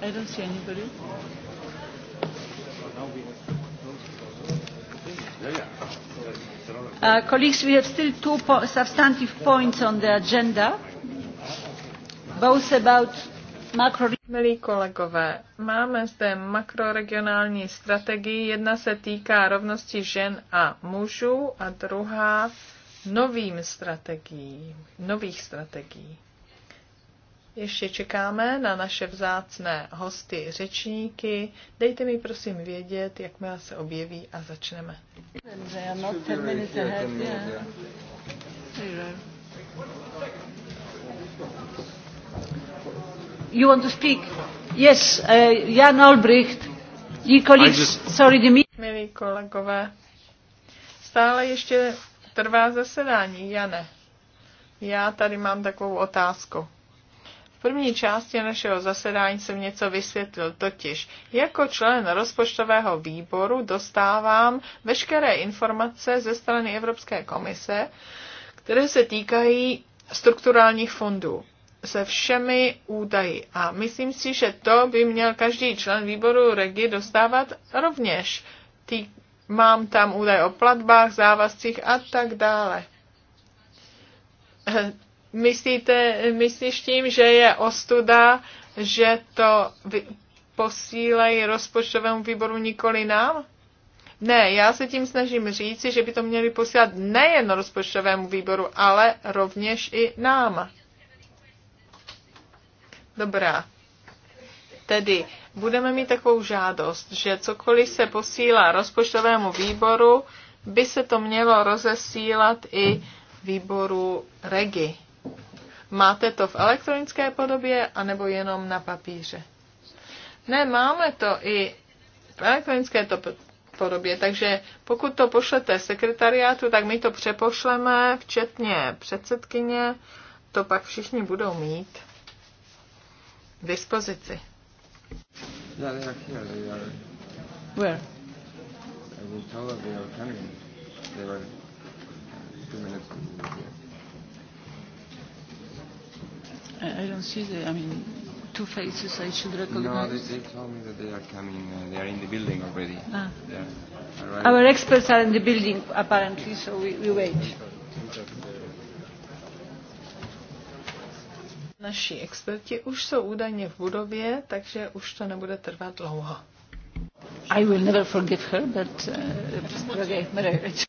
I don't see anybody. Uh, colleagues, we have still two po substantive points on the agenda, both about macro Milí kolegové, máme zde makroregionální strategii. Jedna se týká rovnosti žen a mužů a druhá novým strategií, nových strategií. Ještě čekáme na naše vzácné hosty, řečníky. Dejte mi prosím vědět, jakmile se objeví a začneme. You want to speak? Yes, uh, Jan Albrecht. Just... Sorry, Dimitri. Milí kolegové, stále ještě trvá zasedání, Jane. Já tady mám takovou otázku. V první části našeho zasedání jsem něco vysvětlil, totiž jako člen rozpočtového výboru dostávám veškeré informace ze strany Evropské komise, které se týkají strukturálních fondů se všemi údaji. A myslím si, že to by měl každý člen výboru regi dostávat rovněž. Tý, mám tam údaj o platbách, závazcích a tak dále. Myslíte, myslíš tím, že je ostuda, že to vy, posílají rozpočtovému výboru nikoli nám? Ne, já se tím snažím říci, že by to měli posílat nejen rozpočtovému výboru, ale rovněž i nám. Dobrá. Tedy budeme mít takovou žádost, že cokoliv se posílá rozpočtovému výboru, by se to mělo rozesílat i výboru REGI. Máte to v elektronické podobě, anebo jenom na papíře? Ne, máme to i v elektronické to podobě, takže pokud to pošlete sekretariátu, tak my to přepošleme, včetně předsedkyně, to pak všichni budou mít k dispozici. Where? Eh, I don't see the, I mean, two faces I should recognize. No, they, they told me that they are coming, uh, they are in the building already. Ah. Yeah. Our experts are in the building apparently, so we, we wait. Naši experti už jsou údajně v budově, takže už to nebude trvat dlouho. I will never forgive her, but uh,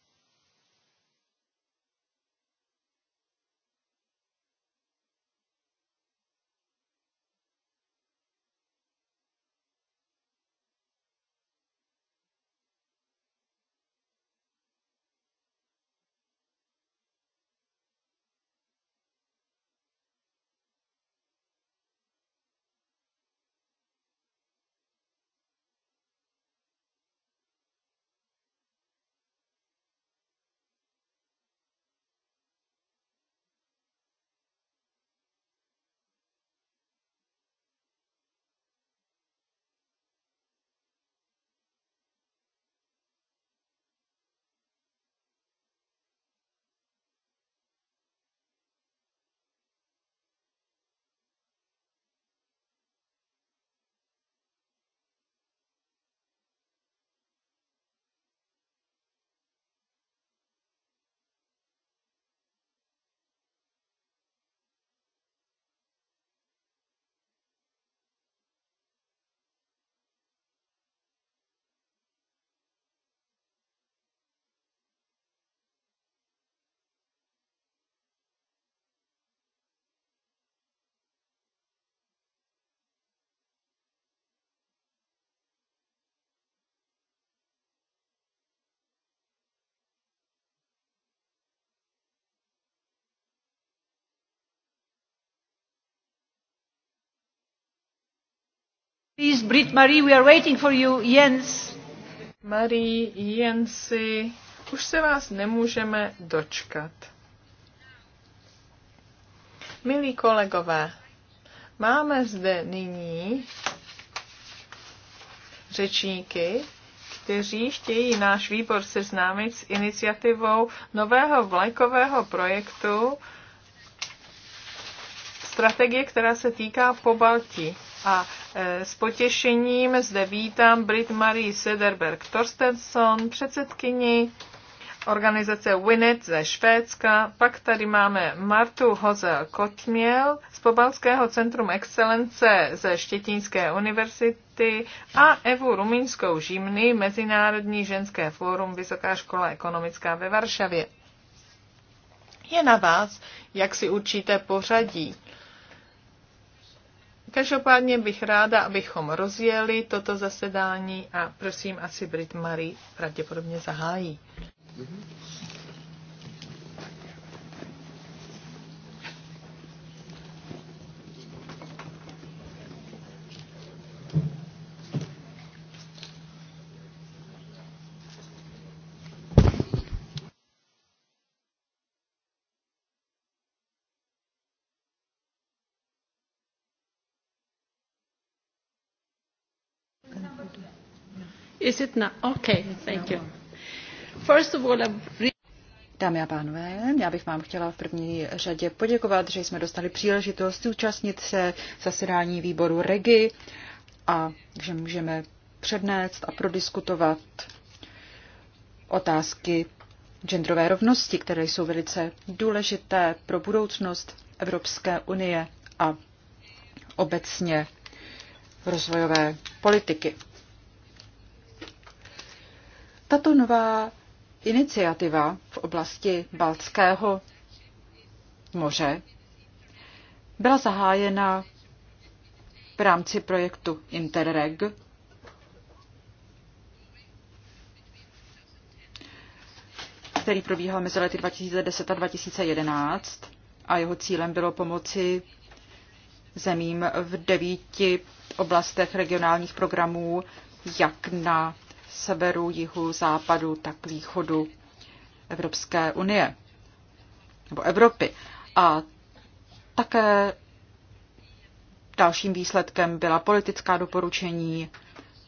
Please, Brit Marie, we are waiting for you. Jens. Marie, Jensi, už se vás nemůžeme dočkat. Milí kolegové, máme zde nyní řečníky, kteří chtějí náš výbor seznámit s iniciativou nového vlajkového projektu strategie, která se týká Pobaltí. A e, s potěšením zde vítám Brit Marie Sederberg Torstenson, předsedkyni organizace Winnet ze Švédska. Pak tady máme Martu Hozel Kotměl z Pobalského centrum excelence ze Štětínské univerzity a Evu Rumínskou Žimny, Mezinárodní ženské fórum Vysoká škola ekonomická ve Varšavě. Je na vás, jak si určíte pořadí Každopádně bych ráda, abychom rozjeli toto zasedání a prosím, asi Brit Marie pravděpodobně zahájí. Mhm. Dámy a pánové, já bych vám chtěla v první řadě poděkovat, že jsme dostali příležitost zúčastnit se zasedání výboru REGI a že můžeme přednést a prodiskutovat otázky genderové rovnosti, které jsou velice důležité pro budoucnost Evropské unie a obecně rozvojové politiky. Tato nová iniciativa v oblasti Baltského moře byla zahájena v rámci projektu Interreg. který probíhal mezi lety 2010 a 2011 a jeho cílem bylo pomoci zemím v devíti oblastech regionálních programů jak na severu, jihu, západu, tak východu Evropské unie nebo Evropy. A také dalším výsledkem byla politická doporučení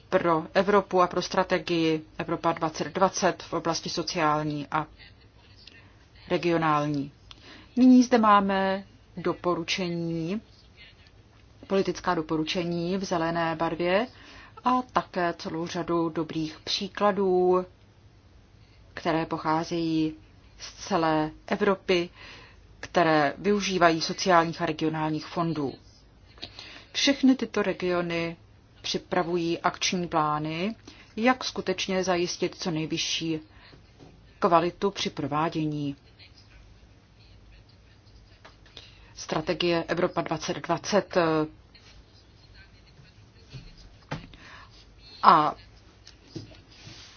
pro Evropu a pro strategii Evropa 2020 v oblasti sociální a regionální. Nyní zde máme doporučení, politická doporučení v zelené barvě, a také celou řadu dobrých příkladů, které pocházejí z celé Evropy, které využívají sociálních a regionálních fondů. Všechny tyto regiony připravují akční plány, jak skutečně zajistit co nejvyšší kvalitu při provádění strategie Evropa 2020 A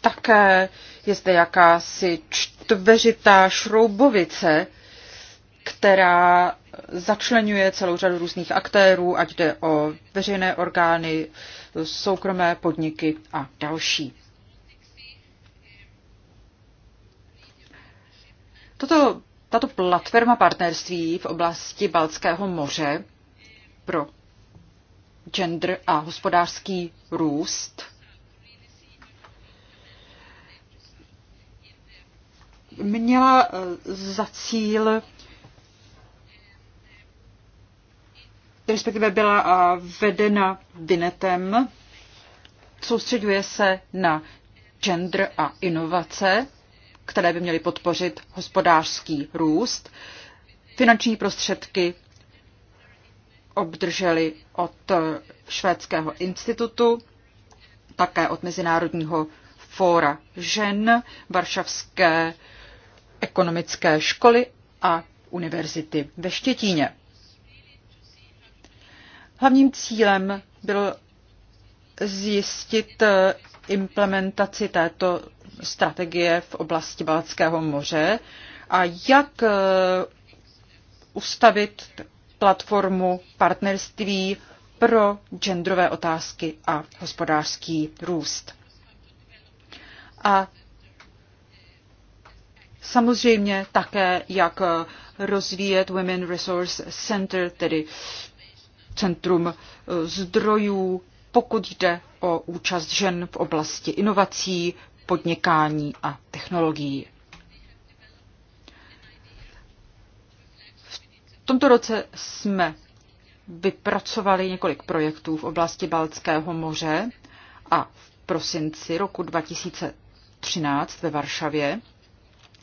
také je zde jakási čtveřitá šroubovice, která začlenuje celou řadu různých aktérů, ať jde o veřejné orgány, soukromé podniky a další. Toto, tato platforma partnerství v oblasti Balckého moře pro gender a hospodářský růst – měla eh, za cíl respektive byla eh, vedena Vinetem, soustředuje se na gender a inovace, které by měly podpořit hospodářský růst. Finanční prostředky obdrželi od eh, Švédského institutu, také od Mezinárodního fóra žen, Varšavské ekonomické školy a univerzity ve Štětíně. Hlavním cílem byl zjistit eh, implementaci této strategie v oblasti Balackého moře a jak eh, ustavit platformu partnerství pro genderové otázky a hospodářský růst. A Samozřejmě také, jak rozvíjet Women Resource Center, tedy centrum eh, zdrojů, pokud jde o účast žen v oblasti inovací, podnikání a technologií. V tomto roce jsme vypracovali několik projektů v oblasti Baltského moře a v prosinci roku 2013 ve Varšavě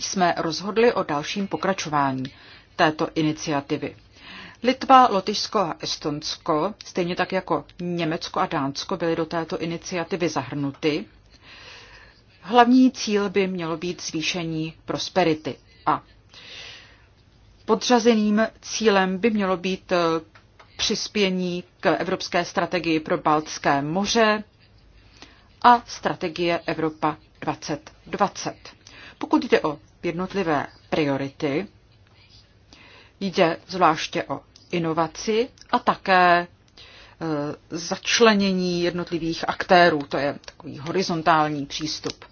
jsme rozhodli o dalším pokračování této iniciativy. Litva, Lotyšsko a Estonsko, stejně tak jako Německo a Dánsko, byly do této iniciativy zahrnuty. Hlavní cíl by mělo být zvýšení prosperity a podřazeným cílem by mělo být eh, přispění k evropské strategii pro Baltské moře a strategie Evropa 2020. Pokud jde o jednotlivé priority. Jde zvláště o inovaci a také e, začlenění jednotlivých aktérů. To je takový horizontální přístup.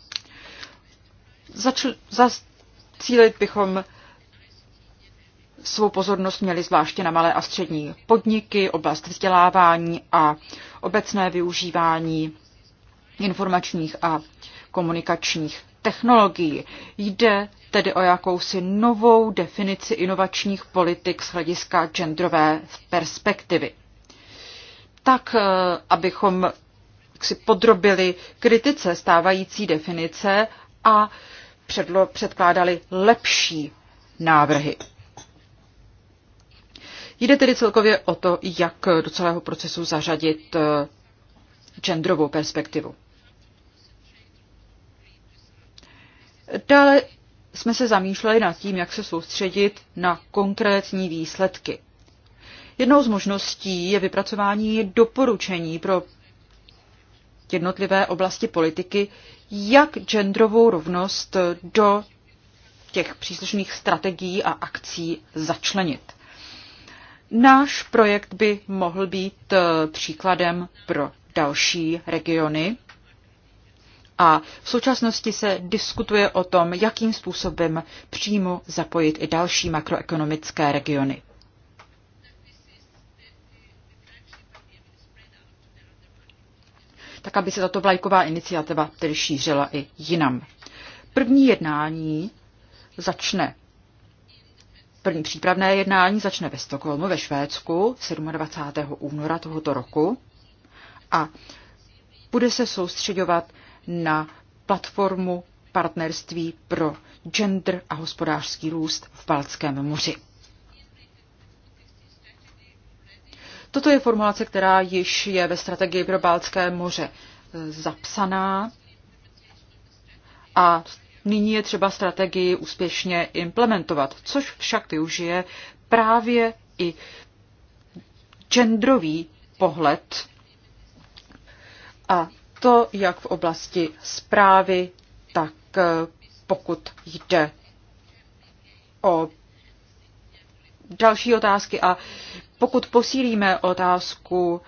Začl, zacílit bychom svou pozornost měli zvláště na malé a střední podniky, oblast vzdělávání a obecné využívání informačních a komunikačních technologií. Jde tedy o jakousi novou definici inovačních politik z hlediska genderové perspektivy. Tak, eh, abychom si podrobili kritice stávající definice a předlo, předkládali lepší návrhy. Jde tedy celkově o to, jak do celého procesu zařadit eh, genderovou perspektivu. Dále jsme se zamýšleli nad tím, jak se soustředit na konkrétní výsledky. Jednou z možností je vypracování doporučení pro jednotlivé oblasti politiky, jak genderovou rovnost do těch příslušných strategií a akcí začlenit. Náš projekt by mohl být eh, příkladem pro další regiony, a v současnosti se diskutuje o tom, jakým způsobem přímo zapojit i další makroekonomické regiony. tak aby se tato vlajková iniciativa tedy šířila i jinam. První jednání začne První přípravné jednání začne ve Stockholmu ve Švédsku 27. února tohoto roku a bude se soustředovat na platformu partnerství pro gender a hospodářský růst v Baltském moři. Toto je formulace, která již je ve strategii pro Baltské moře eh, zapsaná a nyní je třeba strategii úspěšně implementovat, což však využije právě i genderový pohled a to jak v oblasti zprávy, tak eh, pokud jde o další otázky a pokud posílíme otázku,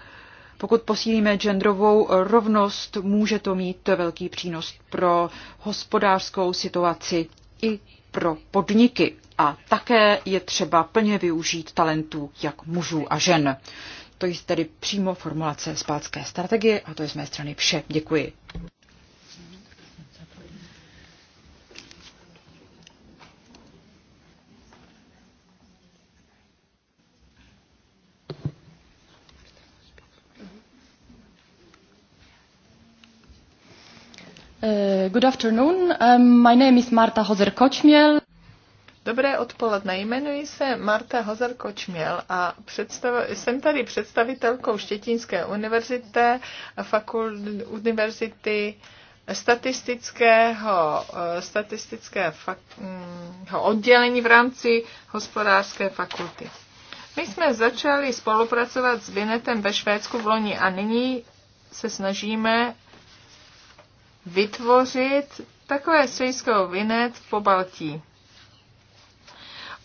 pokud posílíme genderovou rovnost, může to mít velký přínos pro hospodářskou situaci i pro podniky. A také je třeba plně využít talentů jak mužů a žen. To je tedy přímo formulace spátské strategie a to je z mé strany vše. Děkuji. Eh, good afternoon. Um, my name is Marta hozer kochmiel Dobré odpoledne, jmenuji se Marta hozer Kočměl a představ, jsem tady představitelkou Štětínské univerzity, fakul, univerzity statistického, eh, statistického fak, mm, oddělení v rámci hospodářské fakulty. My jsme začali spolupracovat s Vinetem ve Švédsku v loni a nyní se snažíme vytvořit takové svýskou Vinet po Baltii.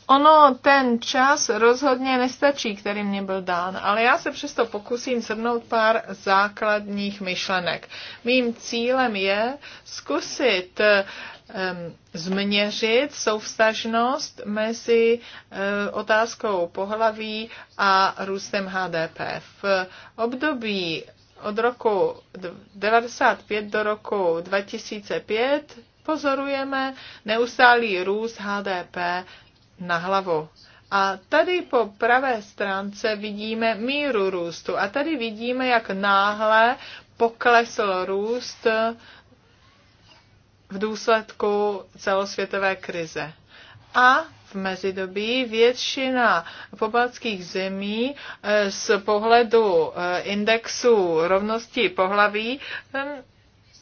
Ono, ten čas rozhodně nestačí, který mě byl dán, ale já se přesto pokusím shrnout pár základních myšlenek. Mým cílem je zkusit um, změřit souvstažnost mezi uh, otázkou pohlaví a růstem HDP. V období od roku 1995 do roku 2005 pozorujeme neustálý růst HDP na hlavu. A tady po pravé stránce vidíme míru růstu. A tady vidíme, jak náhle poklesl růst v důsledku celosvětové krize. A v mezidobí většina pobaltských zemí eh, z pohledu eh, indexu rovnosti pohlaví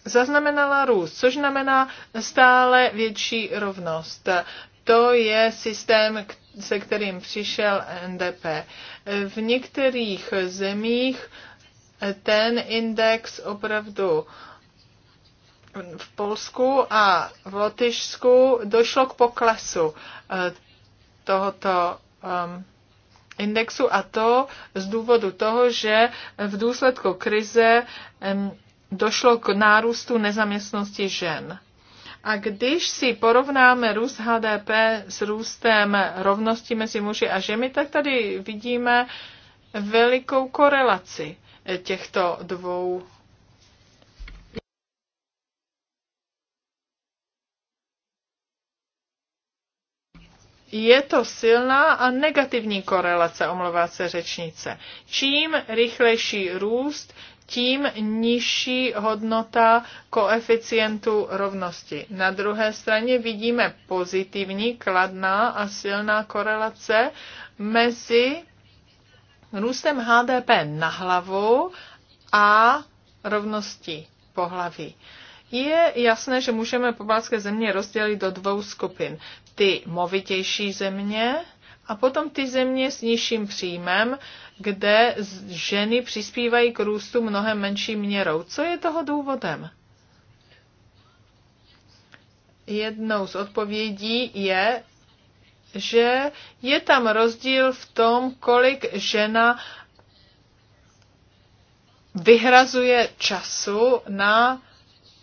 zaznamenala růst, což znamená stále větší rovnost. To je systém, se kterým přišel NDP. V některých zemích ten index opravdu v Polsku a v Lotyšsku došlo k poklesu eh, tohoto ehm, indexu a to z důvodu toho, že v důsledku krize ehm, došlo k nárůstu nezaměstnosti žen. A když si porovnáme růst HDP s růstem rovnosti mezi muži a ženy, tak tady vidíme velikou korelaci těchto dvou je to silná a negativní korelace, omlouvá se řečnice. Čím rychlejší růst, tím nižší hodnota koeficientu rovnosti. Na druhé straně vidíme pozitivní, kladná a silná korelace mezi růstem HDP na hlavu a rovnosti pohlaví. Je jasné, že můžeme pobalské země rozdělit do dvou skupin. Ty movitější země, a potom ty země s nižším příjmem, kde ženy přispívají k růstu mnohem menší měrou. Co je toho důvodem? Jednou z odpovědí je, že je tam rozdíl v tom, kolik žena vyhrazuje času na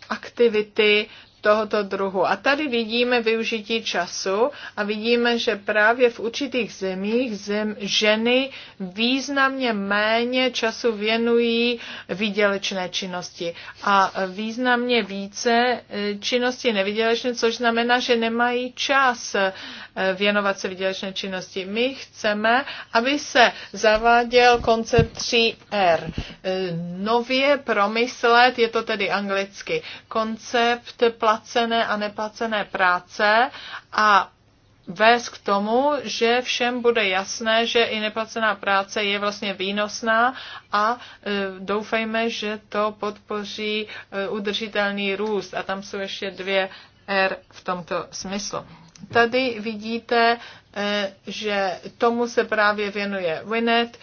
aktivity, tohoto druhu. A tady vidíme využití času a vidíme, že právě v určitých zemích zem, ženy významně méně času věnují výdělečné činnosti a významně více e, činnosti nevydělečné, což znamená, že nemají čas e, věnovat se výdělečné činnosti. My chceme, aby se zaváděl koncept 3R. Er. E, nově promyslet, je to tedy anglicky, koncept placené a neplacené práce a vést k tomu, že všem bude jasné, že i neplacená práce je vlastně výnosná a e, doufejme, že to podpoří e, udržitelný růst. A tam jsou ještě dvě R v tomto smyslu. Tady vidíte, e, že tomu se právě věnuje Winnet,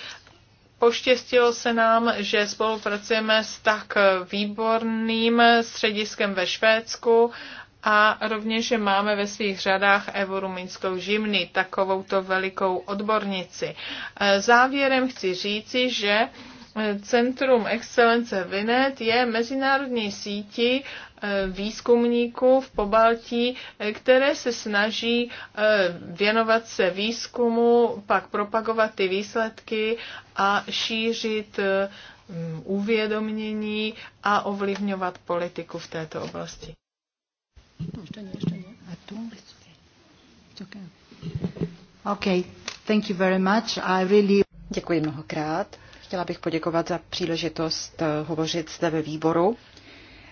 Poštěstilo se nám, že spolupracujeme s tak výborným střediskem ve Švédsku a rovněž, že máme ve svých řadách Evo Ruminskou žimny, takovouto velikou odbornici. E, závěrem chci říci, že Centrum excelence Vinet je mezinárodní síti eh, výzkumníků v Pobaltí, eh, které se snaží eh, věnovat se výzkumu, pak propagovat ty výsledky a šířit mm, uvědomění a ovlivňovat politiku v této oblasti. thank you very much. I really... Děkuji mnohokrát. Chtěla bych poděkovat za příležitost eh, hovořit zde ve výboru.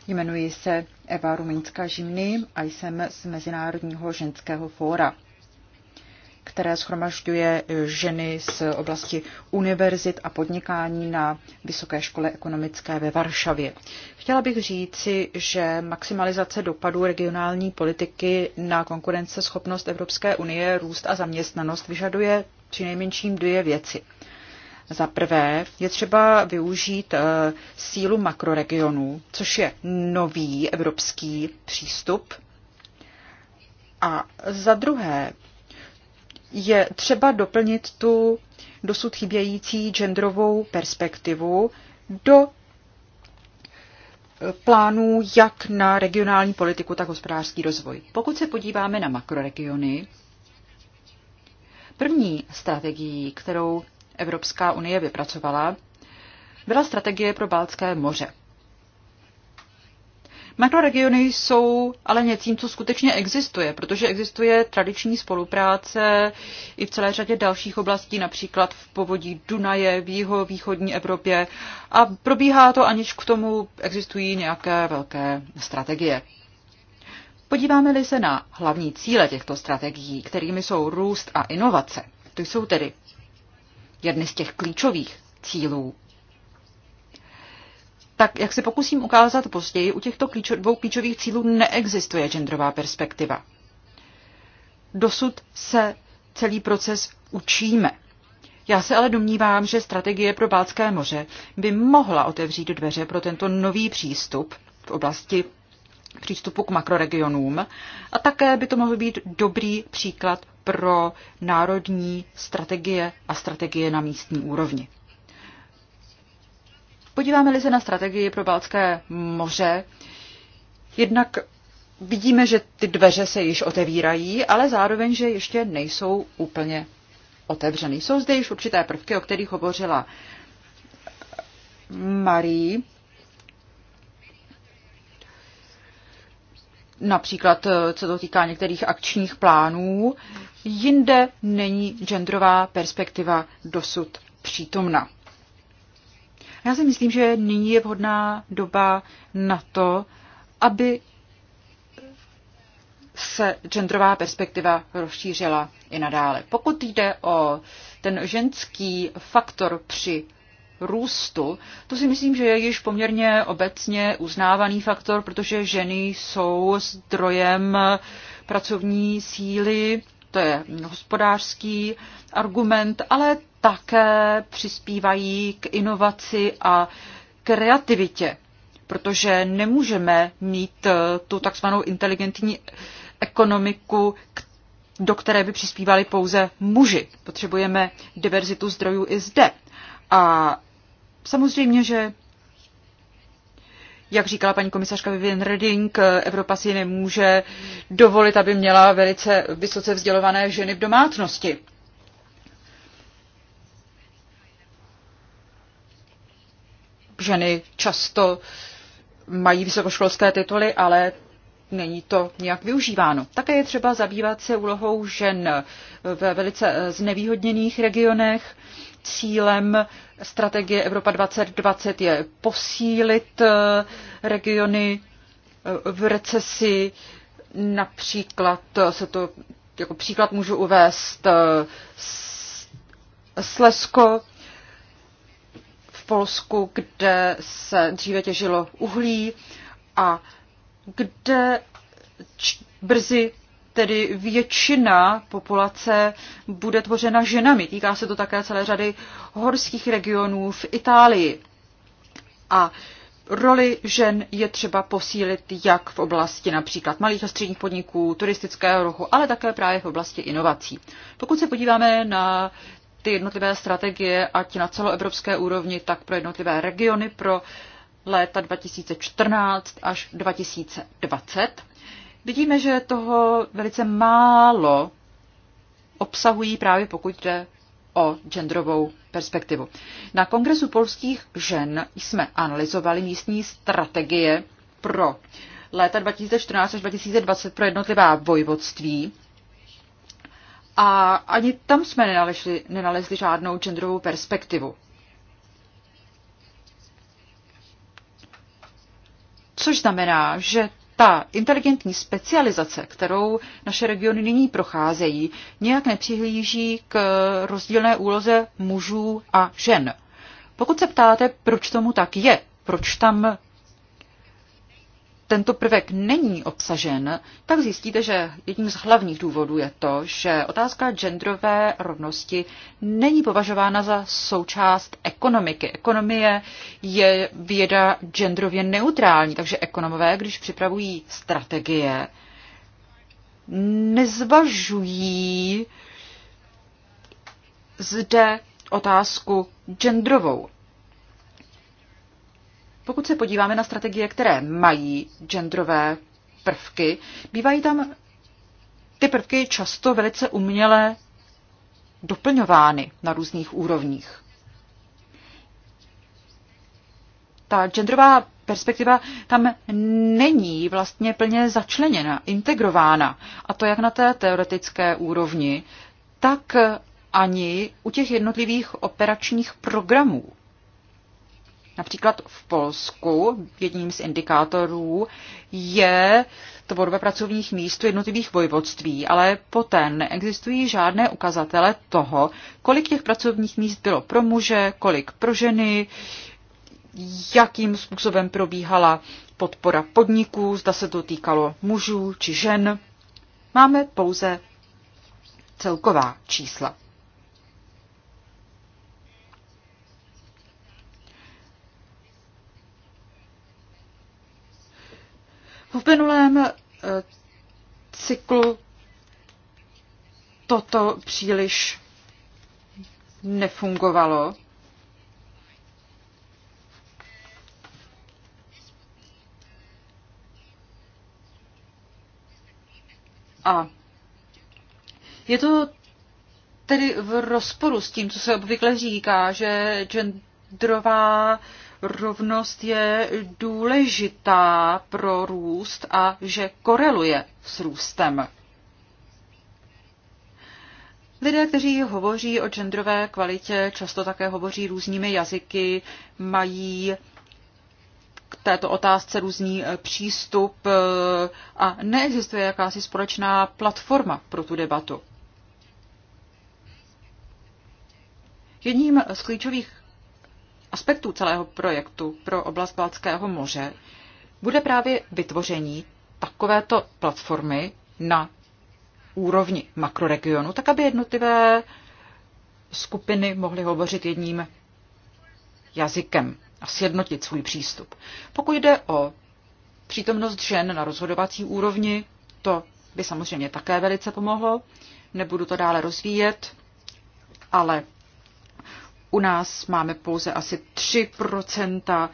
Jmenuji se Eva Rumínská Žimny a jsem z Mezinárodního ženského fóra, které schromažďuje eh, ženy z oblasti univerzit a podnikání na Vysoké škole ekonomické ve Varšavě. Chtěla bych říci, že maximalizace dopadů regionální politiky na konkurenceschopnost Evropské unie, růst a zaměstnanost vyžaduje přinejmenším dvě věci – za prvé je třeba využít eh, sílu makroregionů, což je nový evropský přístup. A za druhé je třeba doplnit tu dosud chybějící genderovou perspektivu do eh, plánů jak na regionální politiku, tak hospodářský rozvoj. Pokud se podíváme na makroregiony, první strategií, kterou Evropská unie vypracovala, byla strategie pro Baltské moře. Makroregiony jsou ale něcím, co skutečně existuje, protože existuje tradiční spolupráce i v celé řadě dalších oblastí, například v povodí Dunaje, v jeho východní Evropě a probíhá to, aniž k tomu existují nějaké velké strategie. Podíváme-li se na hlavní cíle těchto strategií, kterými jsou růst a inovace, to jsou tedy jedny z těch klíčových cílů. Tak jak se pokusím ukázat později, u těchto klíčo, dvou klíčových cílů neexistuje genderová perspektiva. Dosud se celý proces učíme. Já se ale domnívám, že strategie pro Bálské moře by mohla otevřít dveře pro tento nový přístup v oblasti přístupu k makroregionům. A také by to mohl být dobrý příklad pro národní strategie a strategie na místní úrovni. Podíváme-li se na strategii pro Balcké moře, jednak vidíme, že ty dveře se již otevírají, ale zároveň, že ještě nejsou úplně otevřeny. Jsou zde již určité prvky, o kterých hovořila Marie. například eh, co to týká některých akčních plánů, jinde není genderová perspektiva dosud přítomna. Já si myslím, že nyní je vhodná doba na to, aby se genderová perspektiva rozšířila i nadále. Pokud jde o ten ženský faktor při růstu, to si myslím, že je již poměrně obecně uznávaný faktor, protože ženy jsou zdrojem pracovní síly, to je hospodářský argument, ale také přispívají k inovaci a kreativitě, protože nemůžeme mít tu takzvanou inteligentní ekonomiku, do které by přispívali pouze muži. Potřebujeme diverzitu zdrojů i zde. A Samozřejmě, že jak říkala paní komisařka Vivian Reding, Evropa si nemůže dovolit, aby měla velice vysoce vzdělované ženy v domácnosti. Ženy často mají vysokoškolské tituly, ale není to nějak využíváno. Také je třeba zabývat se úlohou žen ve velice znevýhodněných regionech, cílem strategie Evropa 2020 je posílit eh, regiony eh, v recesi. Například eh, se to jako příklad můžu uvést slesko v Polsku, kde se dříve těžilo uhlí a kde brzy tedy většina populace bude tvořena ženami. Týká se to také celé řady horských regionů v Itálii. A roli žen je třeba posílit jak v oblasti například malých a středních podniků, turistického ruchu, ale také právě v oblasti inovací. Pokud se podíváme na ty jednotlivé strategie, ať na celoevropské úrovni, tak pro jednotlivé regiony pro léta 2014 až 2020, Vidíme, že toho velice málo obsahují právě pokud jde o genderovou perspektivu. Na Kongresu polských žen jsme analyzovali místní strategie pro léta 2014 až 2020 pro jednotlivá vojvodství. A ani tam jsme nenalezli, nenalezli žádnou genderovou perspektivu. Což znamená, že ta inteligentní specializace, kterou naše regiony nyní procházejí, nějak nepřihlíží k rozdílné úloze mužů a žen. Pokud se ptáte, proč tomu tak je, proč tam tento prvek není obsažen, tak zjistíte, že jedním z hlavních důvodů je to, že otázka genderové rovnosti není považována za součást ekonomiky. Ekonomie je věda genderově neutrální, takže ekonomové, když připravují strategie, nezvažují zde otázku genderovou. Pokud se podíváme na strategie, které mají genderové prvky, bývají tam ty prvky často velice uměle doplňovány na různých úrovních. Ta genderová perspektiva tam není vlastně plně začleněna, integrována. A to jak na té teoretické úrovni, tak ani u těch jednotlivých operačních programů. Například v Polsku jedním z indikátorů je tvorba pracovních míst v jednotlivých vojvodství, ale poté neexistují žádné ukazatele toho, kolik těch pracovních míst bylo pro muže, kolik pro ženy, jakým způsobem probíhala podpora podniků, zda se to týkalo mužů či žen. Máme pouze celková čísla. V uplynulém eh, cyklu toto příliš nefungovalo. A je to tedy v rozporu s tím, co se obvykle říká, že genderová rovnost je důležitá pro růst a že koreluje s růstem. Lidé, kteří hovoří o genderové kvalitě, často také hovoří různými jazyky, mají k této otázce různý eh, přístup eh, a neexistuje jakási společná platforma pro tu debatu. Jedním z klíčových aspektů celého projektu pro oblast Balckého moře bude právě vytvoření takovéto platformy na úrovni makroregionu, tak aby jednotlivé skupiny mohly hovořit jedním jazykem a sjednotit svůj přístup. Pokud jde o přítomnost žen na rozhodovací úrovni, to by samozřejmě také velice pomohlo. Nebudu to dále rozvíjet, ale u nás máme pouze asi 3 eh,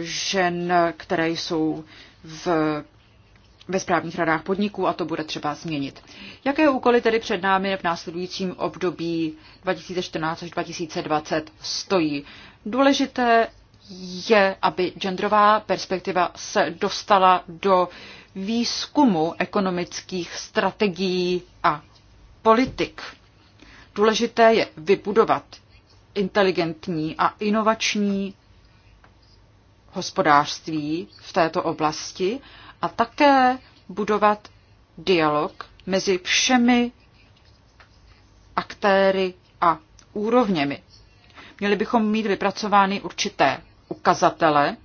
žen, které jsou v, ve správních radách podniků a to bude třeba změnit. Jaké úkoly tedy před námi v následujícím období 2014 až 2020 stojí? Důležité je, aby genderová perspektiva se dostala do výzkumu ekonomických strategií a politik. Důležité je vybudovat inteligentní a inovační hospodářství v této oblasti a také budovat dialog mezi všemi aktéry a úrovněmi. Měli bychom mít vypracovány určité ukazatele,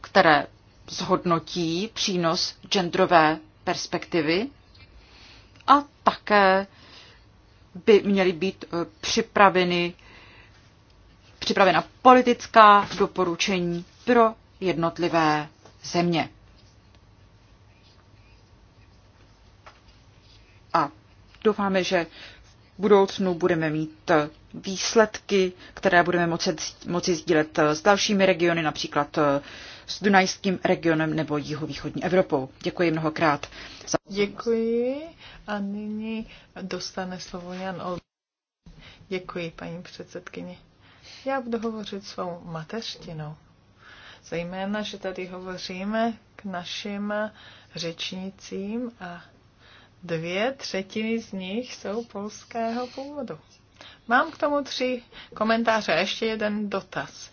které zhodnotí přínos genderové perspektivy a také by měly být eh, připraveny, připravena politická doporučení pro jednotlivé země. A doufáme, že budoucnu budeme mít eh, výsledky, které budeme moci, moci sdílet eh, s dalšími regiony, například eh, s Dunajským regionem nebo jihovýchodní Evropou. Děkuji mnohokrát. Za... Děkuji a nyní dostane slovo Jan Ol. Děkuji, paní předsedkyně. Já budu hovořit svou mateřštinou. Zejména, že tady hovoříme k našim řečnicím a Dvě třetiny z nich jsou polského původu. Mám k tomu tři komentáře a ještě jeden dotaz.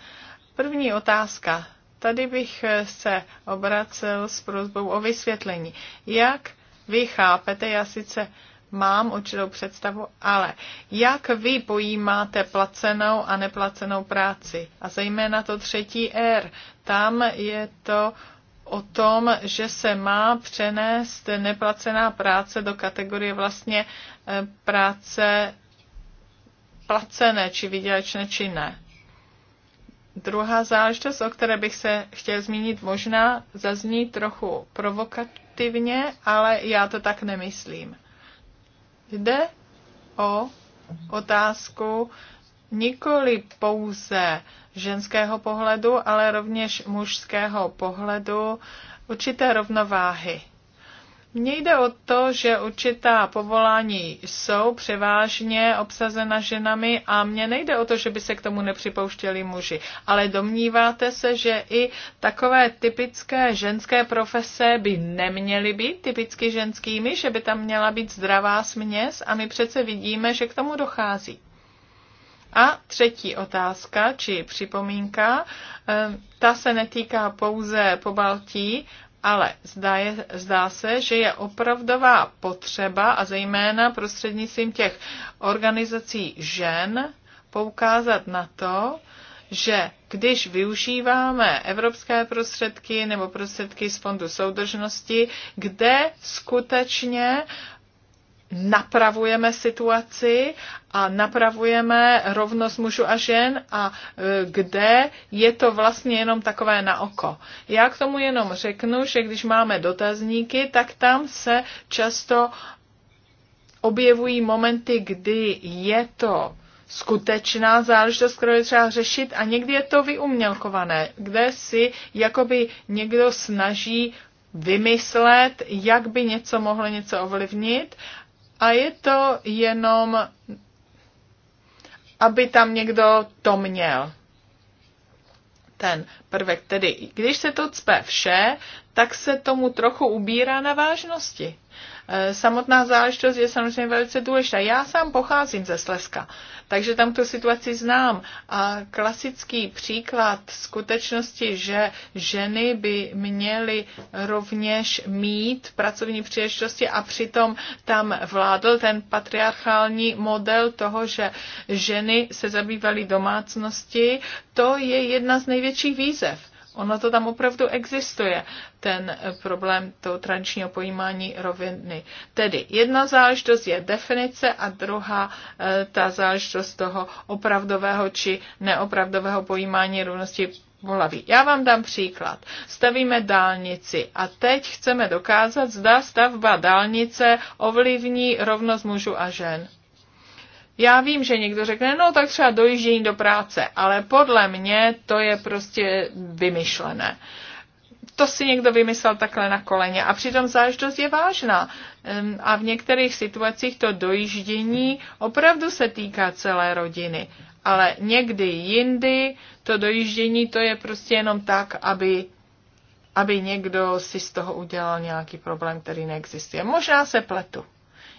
První otázka. Tady bych se obracel s prozbou o vysvětlení. Jak vy chápete, já sice mám určitou představu, ale jak vy pojímáte placenou a neplacenou práci? A zejména to třetí R. Tam je to uh, o tom, že se má přenést neplacená práce do kategorie vlastně eh, práce placené či vydělečné či ne. Druhá záležitost, o které bych se chtěl zmínit, možná zazní trochu provokativně, ale já to tak nemyslím. Jde o otázku nikoli pouze ženského pohledu, ale rovněž mužského pohledu určité rovnováhy. Mně jde o to, že určitá povolání jsou převážně obsazena ženami a mně nejde o to, že by se k tomu nepřipouštěli muži. Ale domníváte se, že i takové typické ženské profese by neměly být typicky ženskými, že by tam měla být zdravá směs a my přece vidíme, že k tomu dochází. A třetí otázka, či připomínka, eh, ta se netýká pouze po Baltí, ale zdá, je, zdá se, že je opravdová potřeba a zejména prostřednictvím těch organizací žen poukázat na to, že když využíváme evropské prostředky nebo prostředky z Fondu soudržnosti, kde skutečně napravujeme situaci a napravujeme rovnost mužů a žen a e, kde je to vlastně jenom takové na oko. Já k tomu jenom řeknu, že když máme dotazníky, tak tam se často objevují momenty, kdy je to skutečná záležitost, kterou je třeba řešit a někdy je to vyumělkované, kde si jakoby někdo snaží vymyslet, jak by něco mohlo něco ovlivnit a je to jenom, aby tam někdo to měl. Ten prvek, tedy když se to cpe vše, tak se tomu trochu ubírá na vážnosti. Eh, samotná záležitost je samozřejmě velice důležitá. Já sám pocházím ze Slezska, takže tam tu situaci znám. A klasický příklad skutečnosti, že ženy by měly rovněž mít pracovní příležitosti a přitom tam vládl ten patriarchální model toho, že ženy se zabývaly domácnosti, to je jedna z největších výzev Ono to tam opravdu existuje, ten problém toho tradičního pojímání roviny. Tedy jedna záležitost je definice a druhá eh, ta záležitost toho opravdového či neopravdového pojímání rovnosti pohlaví. Já vám dám příklad. Stavíme dálnici a teď chceme dokázat, zda stavba dálnice ovlivní rovnost mužů a žen. Já vím, že někdo řekne, no tak třeba dojíždění do práce, ale podle mě to je prostě vymyšlené. To si někdo vymyslel takhle na koleně a přitom záležitost je vážná. A v některých situacích to dojíždění opravdu se týká celé rodiny. Ale někdy jindy to dojíždění to je prostě jenom tak, aby aby někdo si z toho udělal nějaký problém, který neexistuje. Možná se pletu.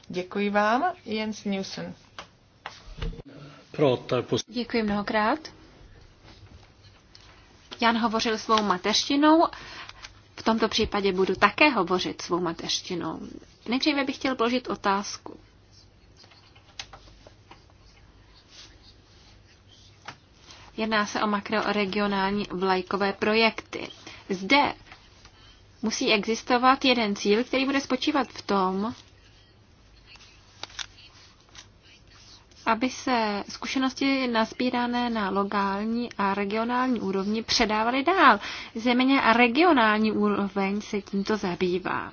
Děkuji vám, Jens Newson. Děkuji mnohokrát. Jan hovořil svou mateřštinou, v tomto případě budu také hovořit svou mateřštinou. Nejdříve bych chtěl položit otázku. Jedná se o makroregionální vlajkové projekty. Zde musí existovat jeden cíl, který bude spočívat v tom, aby se zkušenosti nazbírané na lokální a regionální úrovni předávaly dál. Země a regionální úroveň se tímto zabývá.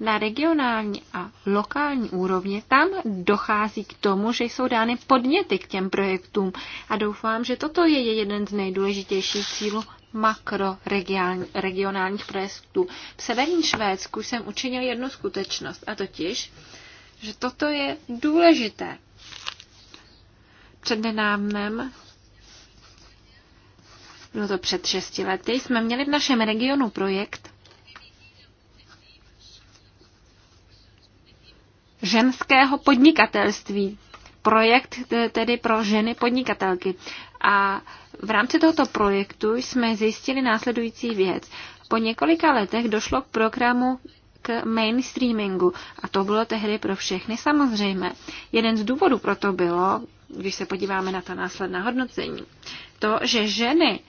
Na regionální a lokální úrovni tam dochází k tomu, že jsou dány podněty k těm projektům a doufám, že toto je jeden z nejdůležitějších cílů makroregionálních projektů. V severním Švédsku jsem učinil jednu skutečnost, a totiž, že toto je důležité před nedávnem, bylo to před šesti lety, jsme měli v našem regionu projekt ženského podnikatelství. Projekt tedy pro ženy podnikatelky. A v rámci tohoto projektu jsme zjistili následující věc. Po několika letech došlo k programu k mainstreamingu a to bylo tehdy pro všechny samozřejmé. Jeden z důvodů pro to bylo, když se podíváme na ta následná hodnocení, to, že ženy,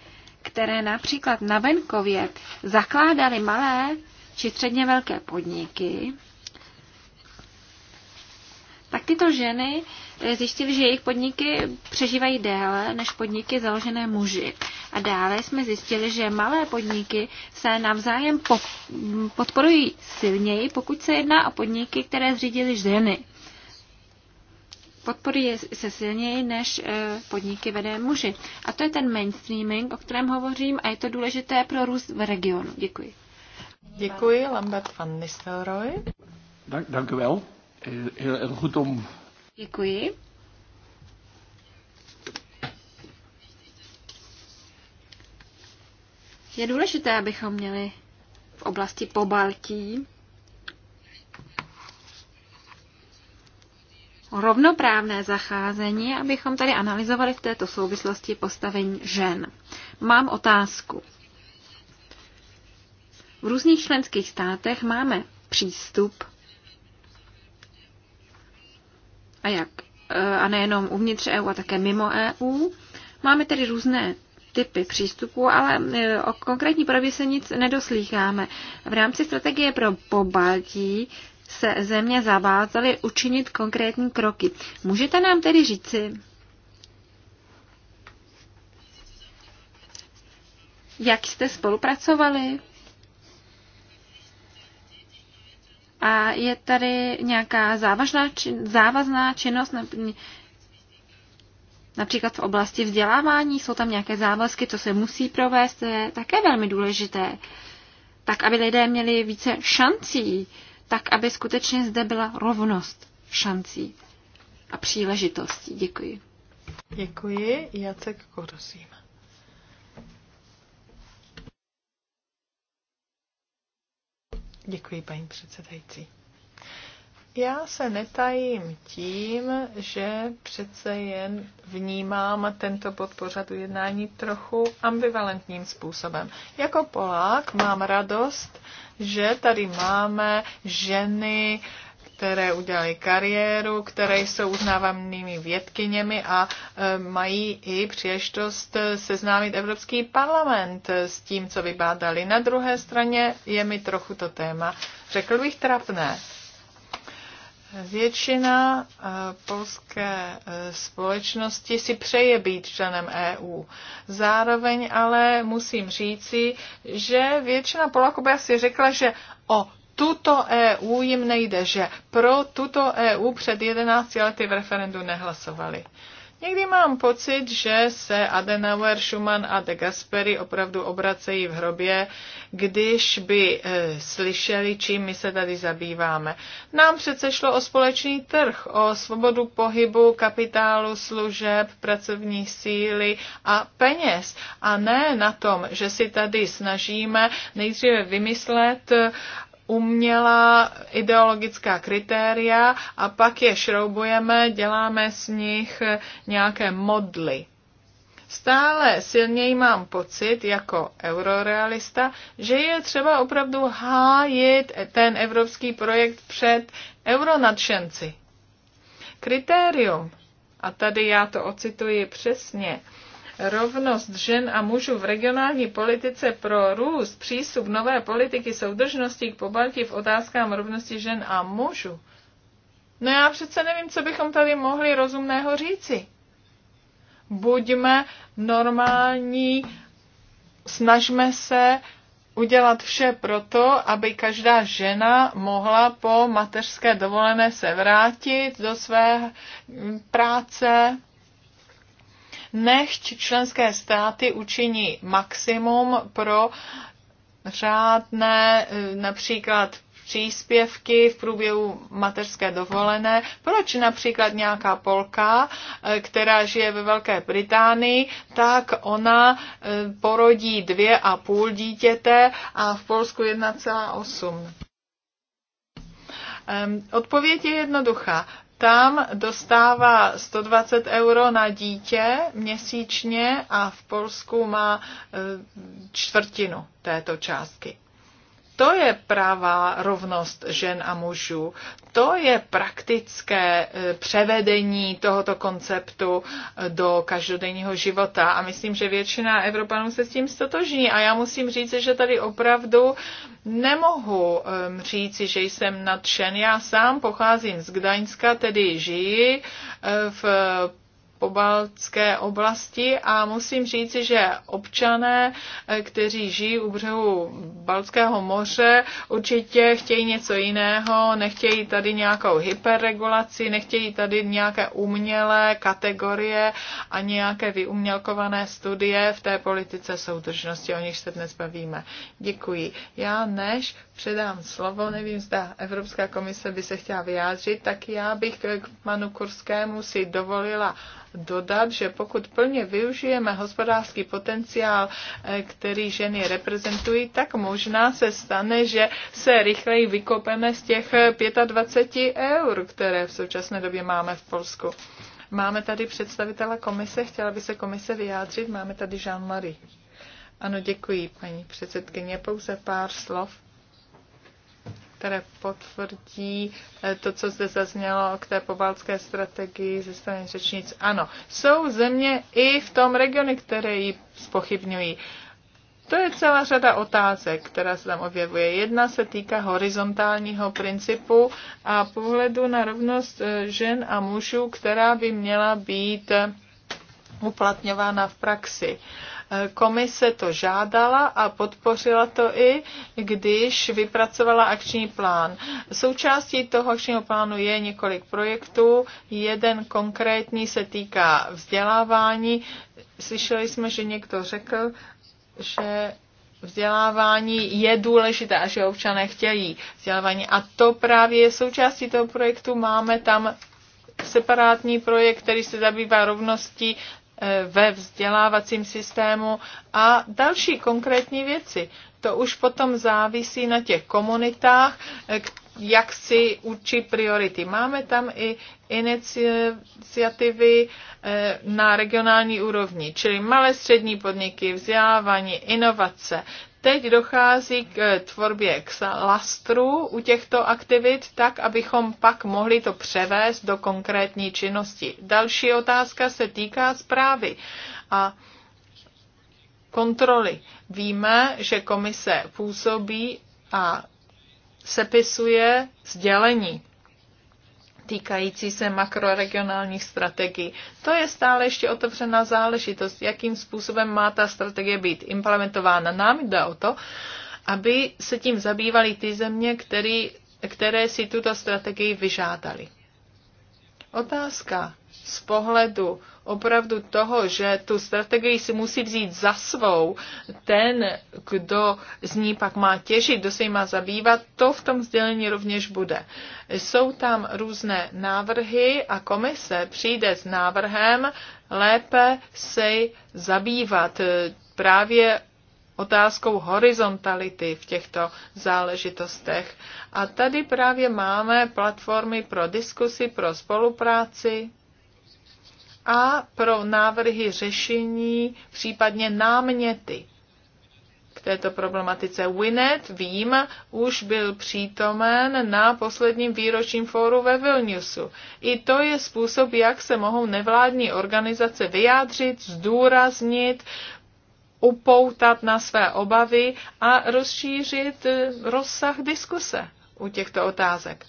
které například na venkově zakládaly malé či středně velké podniky, tak tyto ženy eh, zjistili, že jejich podniky přežívají déle než podniky založené muži. A dále jsme zjistili, že malé podniky se navzájem podporují silněji, pokud se jedná o podniky, které zřídily ženy podporuje se silněji, než e, podniky vede muži. A to je ten mainstreaming, o kterém hovořím a je to důležité pro růst v regionu. Děkuji. Děkuji, Lambert van Nistelrooy. Děkuji dank eh, Děkuji. Je důležité, abychom měli v oblasti Pobaltí rovnoprávné zacházení, abychom tady analyzovali v této souvislosti postavení žen. Mám otázku. V různých členských státech máme přístup a jak eh, a nejenom uvnitř EU a také mimo EU. Máme tedy různé typy přístupů, ale eh, o konkrétní podobě se nic nedoslýcháme. V rámci strategie pro pobaltí se země zavázaly učinit konkrétní kroky. Můžete nám tedy říci, jak jste spolupracovali? A je tady nějaká závažná čin, závazná činnost, například v oblasti vzdělávání, jsou tam nějaké závazky, co se musí provést, to je také velmi důležité. Tak, aby lidé měli více šancí tak aby skutečně zde byla rovnost šancí a příležitostí. Děkuji. Děkuji. Jacek Korosím. Děkuji, paní předsedající. Já se netajím tím, že přece jen vnímám tento podpořad jednání trochu ambivalentním způsobem. Jako Polák mám radost, že tady máme ženy, které udělaly kariéru, které jsou uznávanými vědkyněmi a e, mají i příležitost seznámit Evropský parlament s tím, co vybádali. Na druhé straně je mi trochu to téma, řekl bych, trapné Většina eh, polské eh, společnosti si přeje být členem EU. Zároveň ale musím říci, že většina Poláků by asi řekla, že o tuto EU jim nejde, že pro tuto EU před 11 lety v referendu nehlasovali. Někdy mám pocit, že se Adenauer, Schumann a de Gasperi opravdu obracejí v hrobě, když by e, slyšeli, čím my se tady zabýváme. Nám přece šlo o společný trh, o svobodu pohybu, kapitálu, služeb, pracovní síly a peněz. A ne na tom, že si tady snažíme nejdříve vymyslet umělá ideologická kritéria a pak je šroubujeme, děláme z nich nějaké modly. Stále silněji mám pocit, jako eurorealista, že je třeba opravdu hájit ten evropský projekt před euronadšenci. Kritérium, a tady já to ocituji přesně, rovnost žen a mužů v regionální politice pro růst, přístup nové politiky soudržnosti k pobaltí v otázkám rovnosti žen a mužů. No já přece nevím, co bychom tady mohli rozumného říci. Buďme normální, snažme se udělat vše proto, aby každá žena mohla po mateřské dovolené se vrátit do své práce, nechť členské státy učiní maximum pro řádné eh, například příspěvky v průběhu mateřské dovolené. Proč například nějaká Polka, eh, která žije ve Velké Británii, tak ona eh, porodí dvě a půl dítěte a v Polsku 1,8. Odpověď je jednoduchá tam dostává 120 euro na dítě měsíčně a v Polsku má eh, čtvrtinu této částky. To je pravá rovnost žen a mužů. To je praktické eh, převedení tohoto konceptu eh, do každodenního života. A myslím, že většina Evropanů se s tím stotožní. A já musím říct, že tady opravdu nemohu ehm, říci, že jsem nadšen. Já sám pocházím z Gdaňska, tedy žiji eh, v pobaltské oblasti a musím říci, že občané, eh, kteří žijí u břehu Baltského moře, určitě chtějí něco jiného, nechtějí tady nějakou hyperregulaci, nechtějí tady nějaké umělé kategorie a nějaké vyumělkované studie v té politice soudržnosti, o nich se dnes bavíme. Děkuji. Já než předám slovo, nevím, zda Evropská komise by se chtěla vyjádřit, tak já bych k panu Kurskému si dovolila dodat, že pokud plně využijeme hospodářský potenciál, eh, který ženy reprezentují, tak možná se stane, že se rychleji vykopeme z těch 25 eur, které v současné době máme v Polsku. Máme tady představitela komise, chtěla by se komise vyjádřit, máme tady Jean-Marie. Ano, děkuji, paní předsedkyně. Pouze pár slov které potvrdí eh, to, co zde zaznělo k té pobaltské strategii ze strany řečnic. Ano, jsou země i v tom regionu, které ji spochybňují. To je celá řada otázek, která se tam objevuje. Jedna se týká horizontálního principu a pohledu na rovnost eh, žen a mužů, která by měla být uplatňována v praxi. Uh, Komise to žádala a podpořila to i, když vypracovala akční plán. Součástí toho akčního plánu je několik projektů. Jeden konkrétní se týká vzdělávání. Slyšeli jsme, že někdo řekl, že vzdělávání je důležité a že občané chtějí vzdělávání. A to právě je součástí toho projektu. Máme tam separátní projekt, který se zabývá rovností Eh, ve vzdělávacím systému a další konkrétní věci. To už potom závisí na těch komunitách, eh, jak si učí priority. Máme tam i iniciativy eh, na regionální úrovni, čili malé střední podniky, vzdělávání, inovace. Teď dochází k eh, tvorbě k lastru u těchto aktivit, tak abychom pak mohli to převést do konkrétní činnosti. Další otázka se týká zprávy a kontroly. Víme, že komise působí a sepisuje sdělení týkající se makroregionálních strategií. To je stále ještě otevřená záležitost, jakým způsobem má ta strategie být implementována. Nám jde o to, aby se tím zabývaly ty země, který, které si tuto strategii vyžádali. Otázka z pohledu opravdu toho, že tu strategii si musí vzít za svou, ten, kdo z ní pak má těžit, kdo se jí má zabývat, to v tom sdělení rovněž bude. Jsou tam různé návrhy a komise přijde s návrhem lépe se zabývat e, právě otázkou horizontality v těchto záležitostech. A tady právě máme platformy pro diskusy, pro spolupráci, a pro návrhy řešení, případně náměty k této problematice. Winnet, vím, už byl přítomen na posledním výročním fóru ve Vilniusu. I to je způsob, jak se mohou nevládní organizace vyjádřit, zdůraznit, upoutat na své obavy a rozšířit eh, rozsah diskuse u těchto otázek.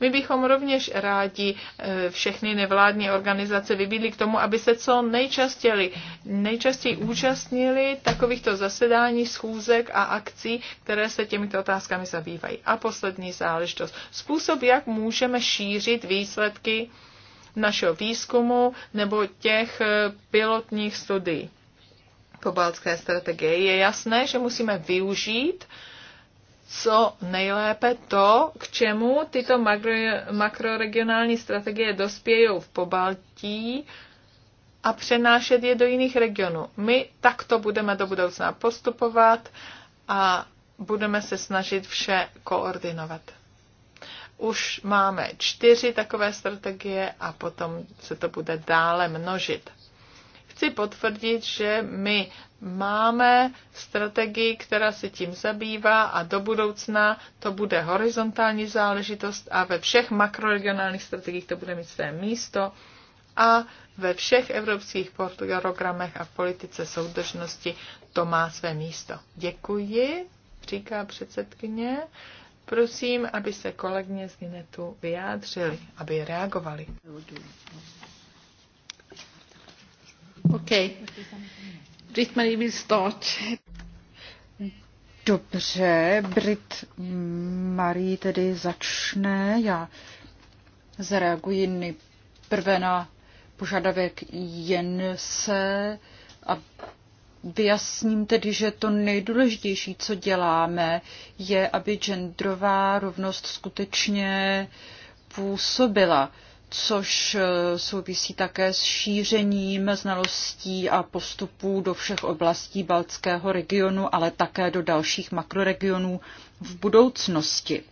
My bychom rovněž rádi eh, všechny nevládní organizace vybídli k tomu, aby se co nejčastěji, nejčastěji účastnili takovýchto zasedání, schůzek a akcí, které se těmito otázkami zabývají. A poslední záležitost. Způsob, jak můžeme šířit výsledky našeho výzkumu nebo těch eh, pilotních studií po strategie strategii. Je jasné, že musíme využít uh, co nejlépe to, k čemu tyto makro, makroregionální strategie dospějí v Pobaltí a přenášet je do jiných regionů. My takto budeme do budoucna postupovat a budeme se snažit vše koordinovat. Už máme čtyři takové strategie a potom se to bude dále množit chci potvrdit, že my máme strategii, která se tím zabývá a do budoucna to bude horizontální záležitost a ve všech makroregionálních strategiích to bude mít své místo a ve všech evropských programech a politice soudržnosti to má své místo. Děkuji, říká předsedkyně. Prosím, aby se kolegně z Ginetu vyjádřili, aby reagovali marie Dobře, Brit Marie tedy začne. Já zareaguji nejprve na požadavek Jense a vyjasním tedy, že to nejdůležitější, co děláme, je, aby genderová rovnost skutečně působila což eh, souvisí také s šířením znalostí a postupů do všech oblastí Baltského regionu, ale také do dalších makroregionů v budoucnosti.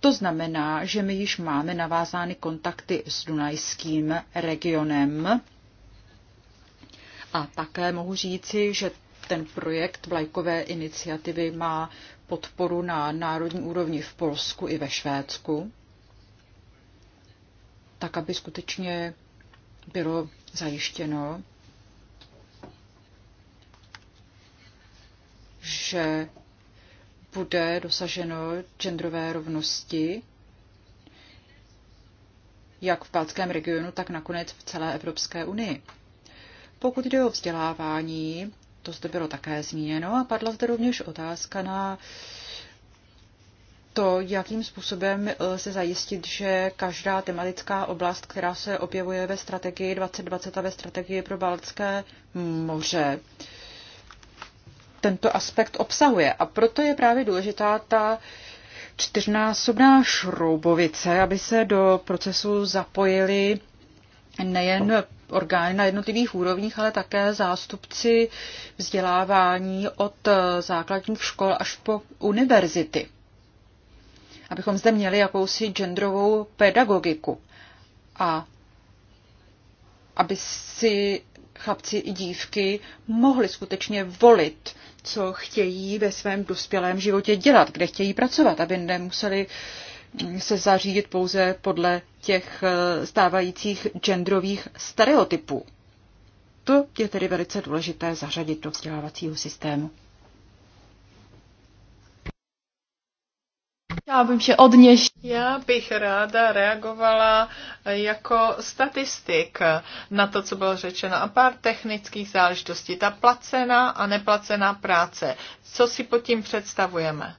To znamená, že my již máme navázány kontakty s Dunajským regionem. A také mohu říci, že ten projekt vlajkové iniciativy má podporu na národní úrovni v Polsku i ve Švédsku tak aby skutečně bylo zajištěno, že bude dosaženo genderové rovnosti jak v Balckém regionu, tak nakonec v celé Evropské unii. Pokud jde o vzdělávání, to zde bylo také zmíněno a padla zde rovněž otázka na uh, to, jakým způsobem eh, se zajistit, že každá tematická oblast, která se objevuje ve strategii 2020 a ve strategii pro Baltské moře, tento aspekt obsahuje. A proto je právě důležitá ta čtyřnásobná šroubovice, aby se do procesu zapojili nejen orgány na jednotlivých úrovních, ale také zástupci vzdělávání od eh, základních škol až po univerzity abychom zde měli jakousi genderovou pedagogiku a aby si chlapci i dívky mohli skutečně volit, co chtějí ve svém dospělém životě dělat, kde chtějí pracovat, aby nemuseli se zařídit pouze podle těch eh, stávajících genderových stereotypů. To je tedy velice důležité zařadit do vzdělávacího systému. Já bych se odněš. Já bych ráda reagovala jako statistik na to, co bylo řečeno a pár technických záležitostí. Ta placená a neplacená práce. Co si pod tím představujeme?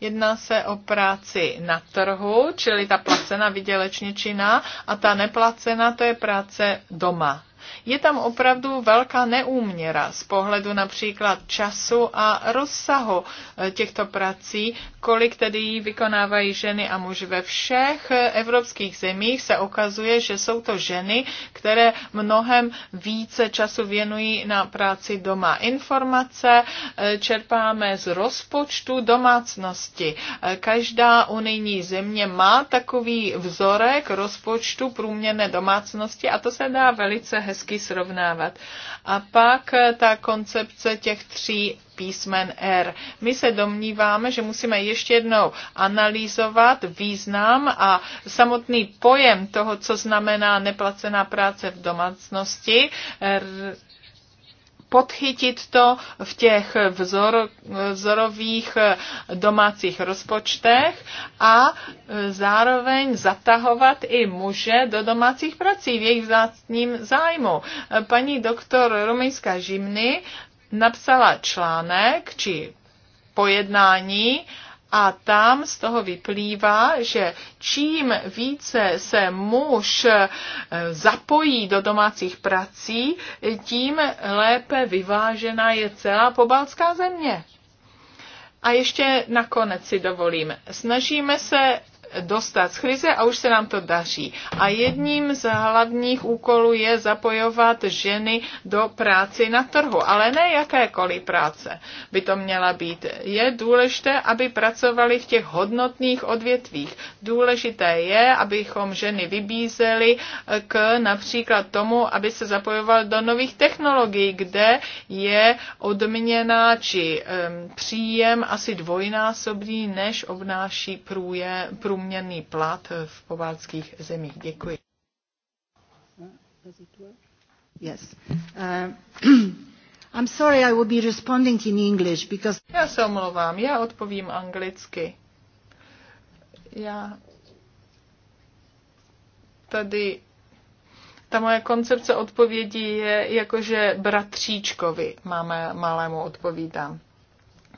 Jedná se o práci na trhu, čili ta placená vydělečně činná a ta neplacená to je práce doma je tam opravdu velká neúměra z pohledu například času a rozsahu eh, těchto prací, kolik tedy vykonávají ženy a muži ve všech eh, evropských zemích se ukazuje, že jsou to ženy, které mnohem více času věnují na práci doma. Informace eh, čerpáme z rozpočtu domácnosti. Každá unijní země má takový vzorek rozpočtu průměrné domácnosti a to se dá velice hezky hezky srovnávat. A pak eh, ta koncepce těch tří písmen R. My se domníváme, že musíme ještě jednou analyzovat význam a samotný pojem toho, co znamená neplacená práce v domácnosti, podchytit to v těch vzor, vzorových eh, domácích rozpočtech a eh, zároveň zatahovat i muže do domácích prací v jejich vzácním zájmu. Eh, paní doktor Rumejská Žimny napsala článek či pojednání a tam z toho vyplývá, že čím více se muž eh, zapojí do domácích prací, tím lépe vyvážena je celá pobalská země. A ještě nakonec si dovolím. Snažíme se dostat z krize a už se nám to daří. A jedním z hlavních úkolů je zapojovat ženy do práci na trhu, ale ne jakékoliv práce by to měla být. Je důležité, aby pracovali v těch hodnotných odvětvích. Důležité je, abychom ženy vybízeli eh, k například tomu, aby se zapojovali do nových technologií, kde je odměna či um, příjem asi dvojnásobný, než obnáší průje, průměr průměrný plat v pobaltských zemích. Děkuji. Yes. Uh, I'm sorry, I will be responding in English because... Já se omlouvám, já odpovím anglicky. Já tady ta moje koncepce odpovědi je jako, že bratříčkovi máme malému odpovídám.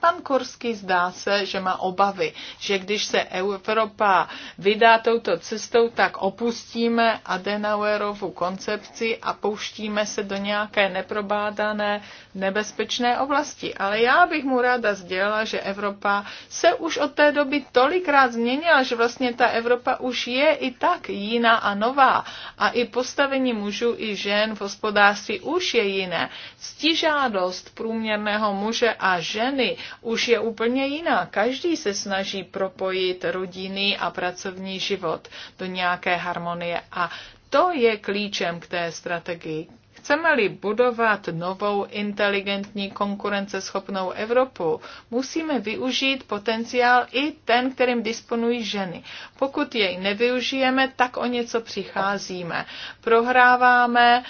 Pan Korsky zdá se, že má obavy, že když se Evropa vydá touto cestou, tak opustíme Adenauerovu koncepci a pouštíme se do nějaké neprobádané nebezpečné oblasti. Ale já bych mu ráda sdělila, že Evropa se už od té doby tolikrát změnila, že vlastně ta Evropa už je i tak jiná a nová. A i postavení mužů i žen v hospodářství už je jiné. Ctižádost průměrného muže a ženy už je úplně jiná. Každý se snaží propojit rodinný a pracovní život do nějaké harmonie a to je klíčem k té strategii. Chceme-li budovat novou, inteligentní, konkurenceschopnou Evropu, musíme využít potenciál i ten, kterým disponují ženy. Pokud jej nevyužijeme, tak o něco přicházíme. Prohráváme,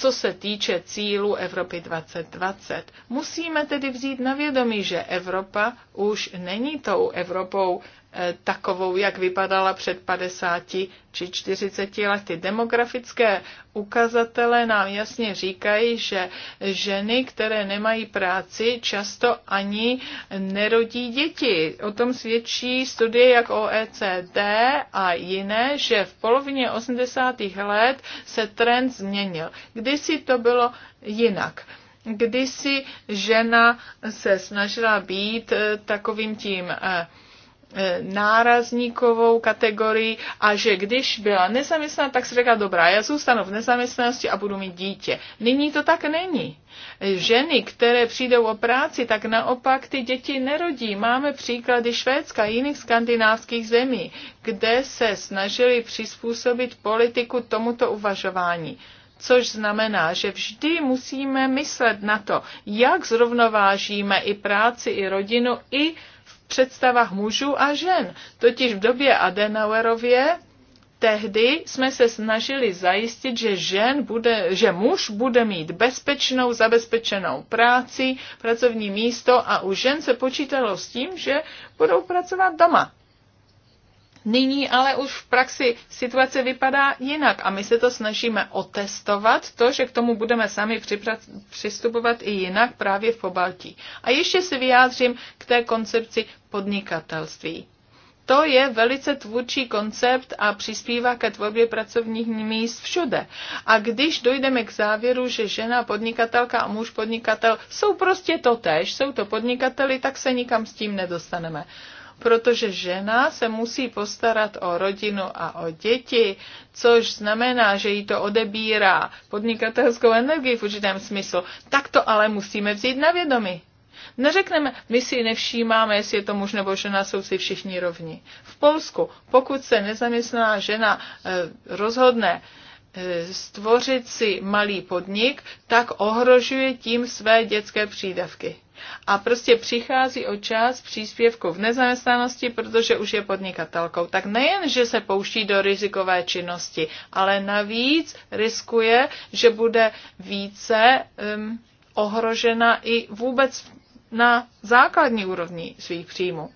co se týče cílu Evropy 2020. Musíme tedy vzít na vědomí, že Evropa už není tou Evropou Eh, takovou, jak vypadala před 50 či 40 lety. Demografické ukazatele nám jasně říkají, že ženy, které nemají práci, často ani nerodí děti. O tom svědčí studie jak OECD a jiné, že v polovině 80. let se trend změnil. Kdysi to bylo jinak kdysi žena se snažila být eh, takovým tím eh, E, nárazníkovou kategorii a že když byla nezaměstná, tak si řekla, dobrá, já zůstanu v nezaměstnanosti a budu mít dítě. Nyní to tak není. Ženy, které přijdou o práci, tak naopak ty děti nerodí. Máme příklady Švédska a jiných skandinávských zemí, kde se snažili přizpůsobit politiku tomuto uvažování což znamená, že vždy musíme myslet na to, jak zrovnovážíme i práci, i rodinu, i představách mužů a žen. Totiž v době Adenauerově tehdy jsme se snažili zajistit, že, žen bude, že muž bude mít bezpečnou, zabezpečenou práci, pracovní místo a u žen se počítalo s tím, že budou pracovat doma. Nyní ale už v praxi situace vypadá jinak a my se to snažíme otestovat, to, že k tomu budeme sami přistupovat i jinak právě v Pobaltí. A ještě se vyjádřím k té koncepci podnikatelství. To je velice tvůrčí koncept a přispívá ke tvorbě pracovních míst všude. A když dojdeme k závěru, že žena podnikatelka a muž podnikatel jsou prostě to tež, jsou to podnikateli, tak se nikam s tím nedostaneme protože žena se musí postarat o rodinu a o děti, což znamená, že jí to odebírá podnikatelskou energii v určitém smyslu. Tak to ale musíme vzít na vědomí. Neřekneme, my si nevšímáme, jestli je to muž nebo žena, jsou si všichni rovni. V Polsku, pokud se nezaměstnaná žena eh, rozhodne eh, stvořit si malý podnik, tak ohrožuje tím své dětské přídavky a prostě přichází o část příspěvku v nezaměstnanosti, protože už je podnikatelkou. Tak nejen, že se pouští do rizikové činnosti, ale navíc riskuje, že bude více um, ohrožena i vůbec na základní úrovni svých příjmů.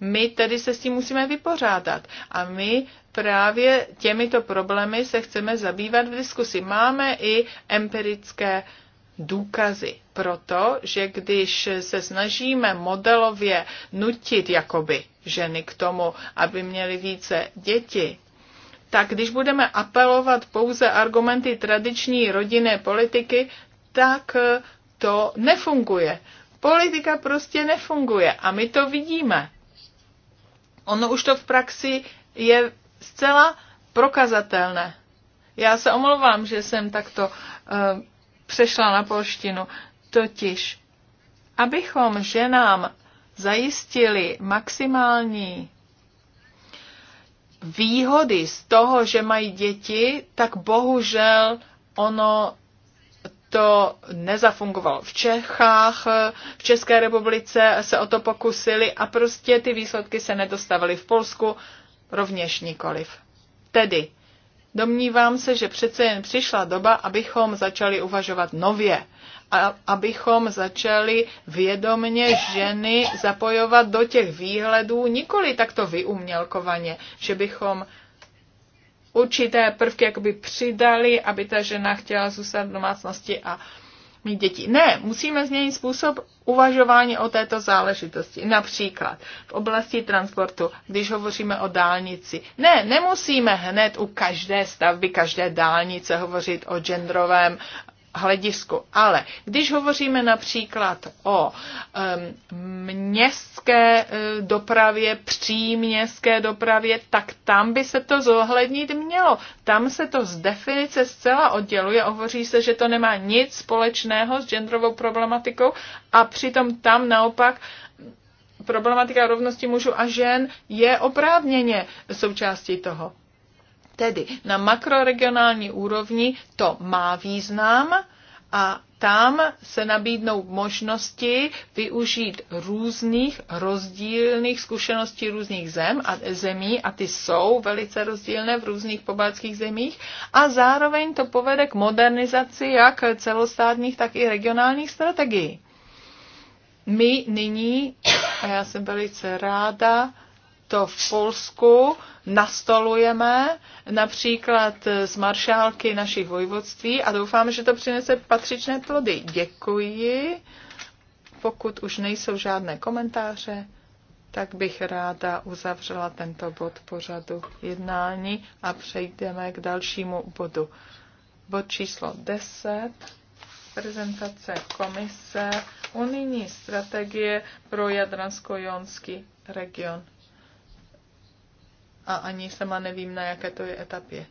My tedy se s tím musíme vypořádat a my právě těmito problémy se chceme zabývat v diskusi. Máme i empirické uh, důkazy pro to, že když se snažíme modelově nutit jakoby ženy k tomu, aby měly více děti, tak když budeme apelovat pouze argumenty tradiční rodinné politiky, tak to nefunguje. Politika prostě nefunguje a my to vidíme. Ono už to v praxi je zcela prokazatelné. Já se omlouvám, že jsem takto uh, přešla na polštinu. Totiž, abychom ženám zajistili maximální výhody z toho, že mají děti, tak bohužel ono to nezafungovalo. V Čechách, v České republice se o to pokusili a prostě ty výsledky se nedostavily v Polsku, rovněž nikoliv. Tedy Domnívám se, že přece jen přišla doba, abychom začali uvažovat nově a abychom začali vědomně ženy zapojovat do těch výhledů, nikoli takto vyumělkovaně, že bychom určité prvky jakoby přidali, aby ta žena chtěla zůstat v domácnosti a uh, mít děti. Ne, musíme změnit způsob uvažování o této záležitosti. Například v oblasti transportu, když hovoříme o dálnici. Ne, nemusíme hned u každé stavby, každé dálnice hovořit o genderovém hledisku. Ale když hovoříme například o městské e, dopravě, příměstské dopravě, tak tam by se to zohlednit mělo. Tam se to z definice zcela odděluje. Hovoří se, že to nemá nic společného s genderovou problematikou a přitom tam naopak problematika rovnosti mužů a žen je oprávněně součástí toho. Tedy na makroregionální úrovni to má význam a tam se nabídnou možnosti využít různých rozdílných zkušeností různých zem a zemí a ty jsou velice rozdílné v různých pobaltských zemích a zároveň to povede k modernizaci jak celostátních, tak i regionálních strategií. My nyní, a já jsem velice ráda, to v Polsku nastolujeme, například z maršálky našich vojvodství a doufám, že to přinese patřičné plody. Děkuji. Pokud už nejsou žádné komentáře, tak bych ráda uzavřela tento bod pořadu jednání a přejdeme k dalšímu bodu. Bod číslo 10 prezentace komise unijní strategie pro Jadransko-Jonský region a ani sama nevím, na jaké to je etapě.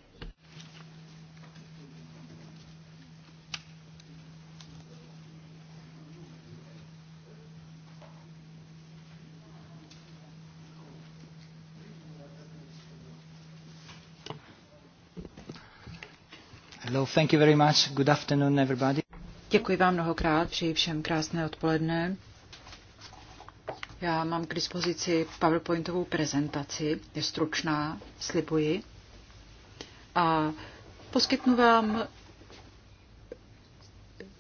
Hello, thank you very much. Good afternoon, everybody. Děkuji vám mnohokrát, přeji všem krásné odpoledne. Já mám k dispozici PowerPointovou prezentaci, je stručná, slibuji. A poskytnu vám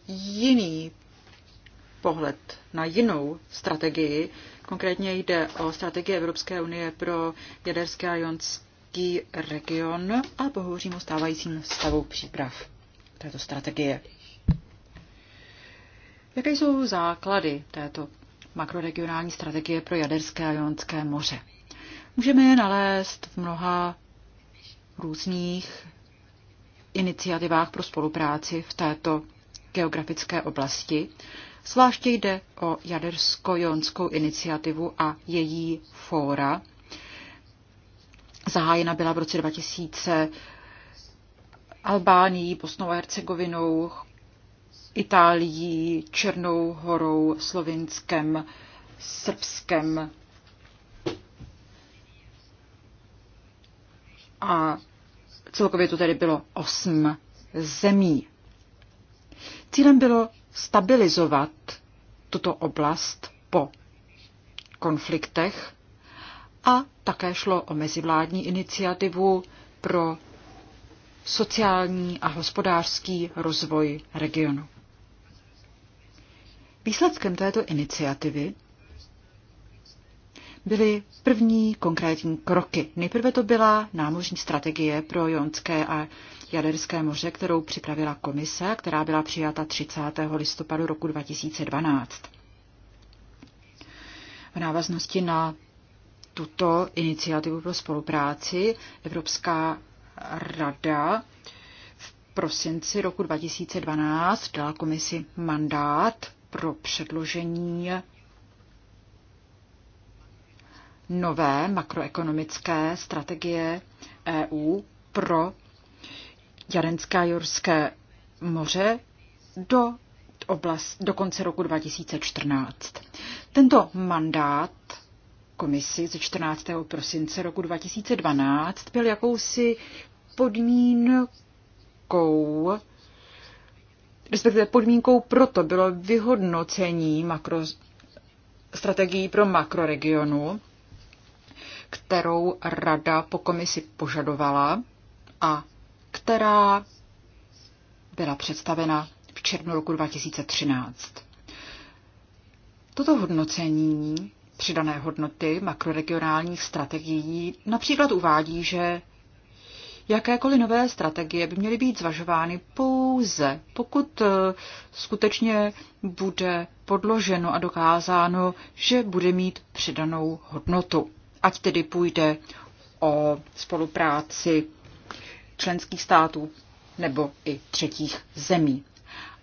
jiný pohled na jinou strategii. Konkrétně jde o strategii Evropské unie pro jaderské a jonský region a pohovořím o stávajícím stavu příprav této strategie. Jaké jsou základy této makroregionální strategie pro Jaderské a Jonské moře. Můžeme je nalézt v mnoha různých iniciativách pro spolupráci v této geografické oblasti. Zvláště jde o jadersko-jonskou iniciativu a její fóra. Zahájena byla v roce 2000 Albánií, Bosnou a Hercegovinou, Itálií, Černou horou, Slovinskem, Srbskem a celkově to tedy bylo osm zemí. Cílem bylo stabilizovat tuto oblast po konfliktech a také šlo o mezivládní iniciativu pro sociální a hospodářský rozvoj regionu. Výsledkem této iniciativy byly první konkrétní kroky. Nejprve to byla námořní strategie pro Jonské a Jaderské moře, kterou připravila komise, která byla přijata 30. listopadu roku 2012. V návaznosti na tuto iniciativu pro spolupráci Evropská rada v prosinci roku 2012 dala komisi mandát pro předložení nové makroekonomické strategie EU pro Jarenské a Jurské moře do, oblast, do konce roku 2014. Tento mandát komisi ze 14. prosince roku 2012 byl jakousi podmínkou respektive podmínkou proto bylo vyhodnocení makro, strategií pro makroregionu, kterou rada po komisi požadovala a která byla představena v červnu roku 2013. Toto hodnocení přidané hodnoty makroregionálních strategií například uvádí, že Jakékoliv nové strategie by měly být zvažovány pouze, pokud eh, skutečně bude podloženo a dokázáno, že bude mít přidanou hodnotu. Ať tedy půjde o spolupráci členských států nebo i třetích zemí.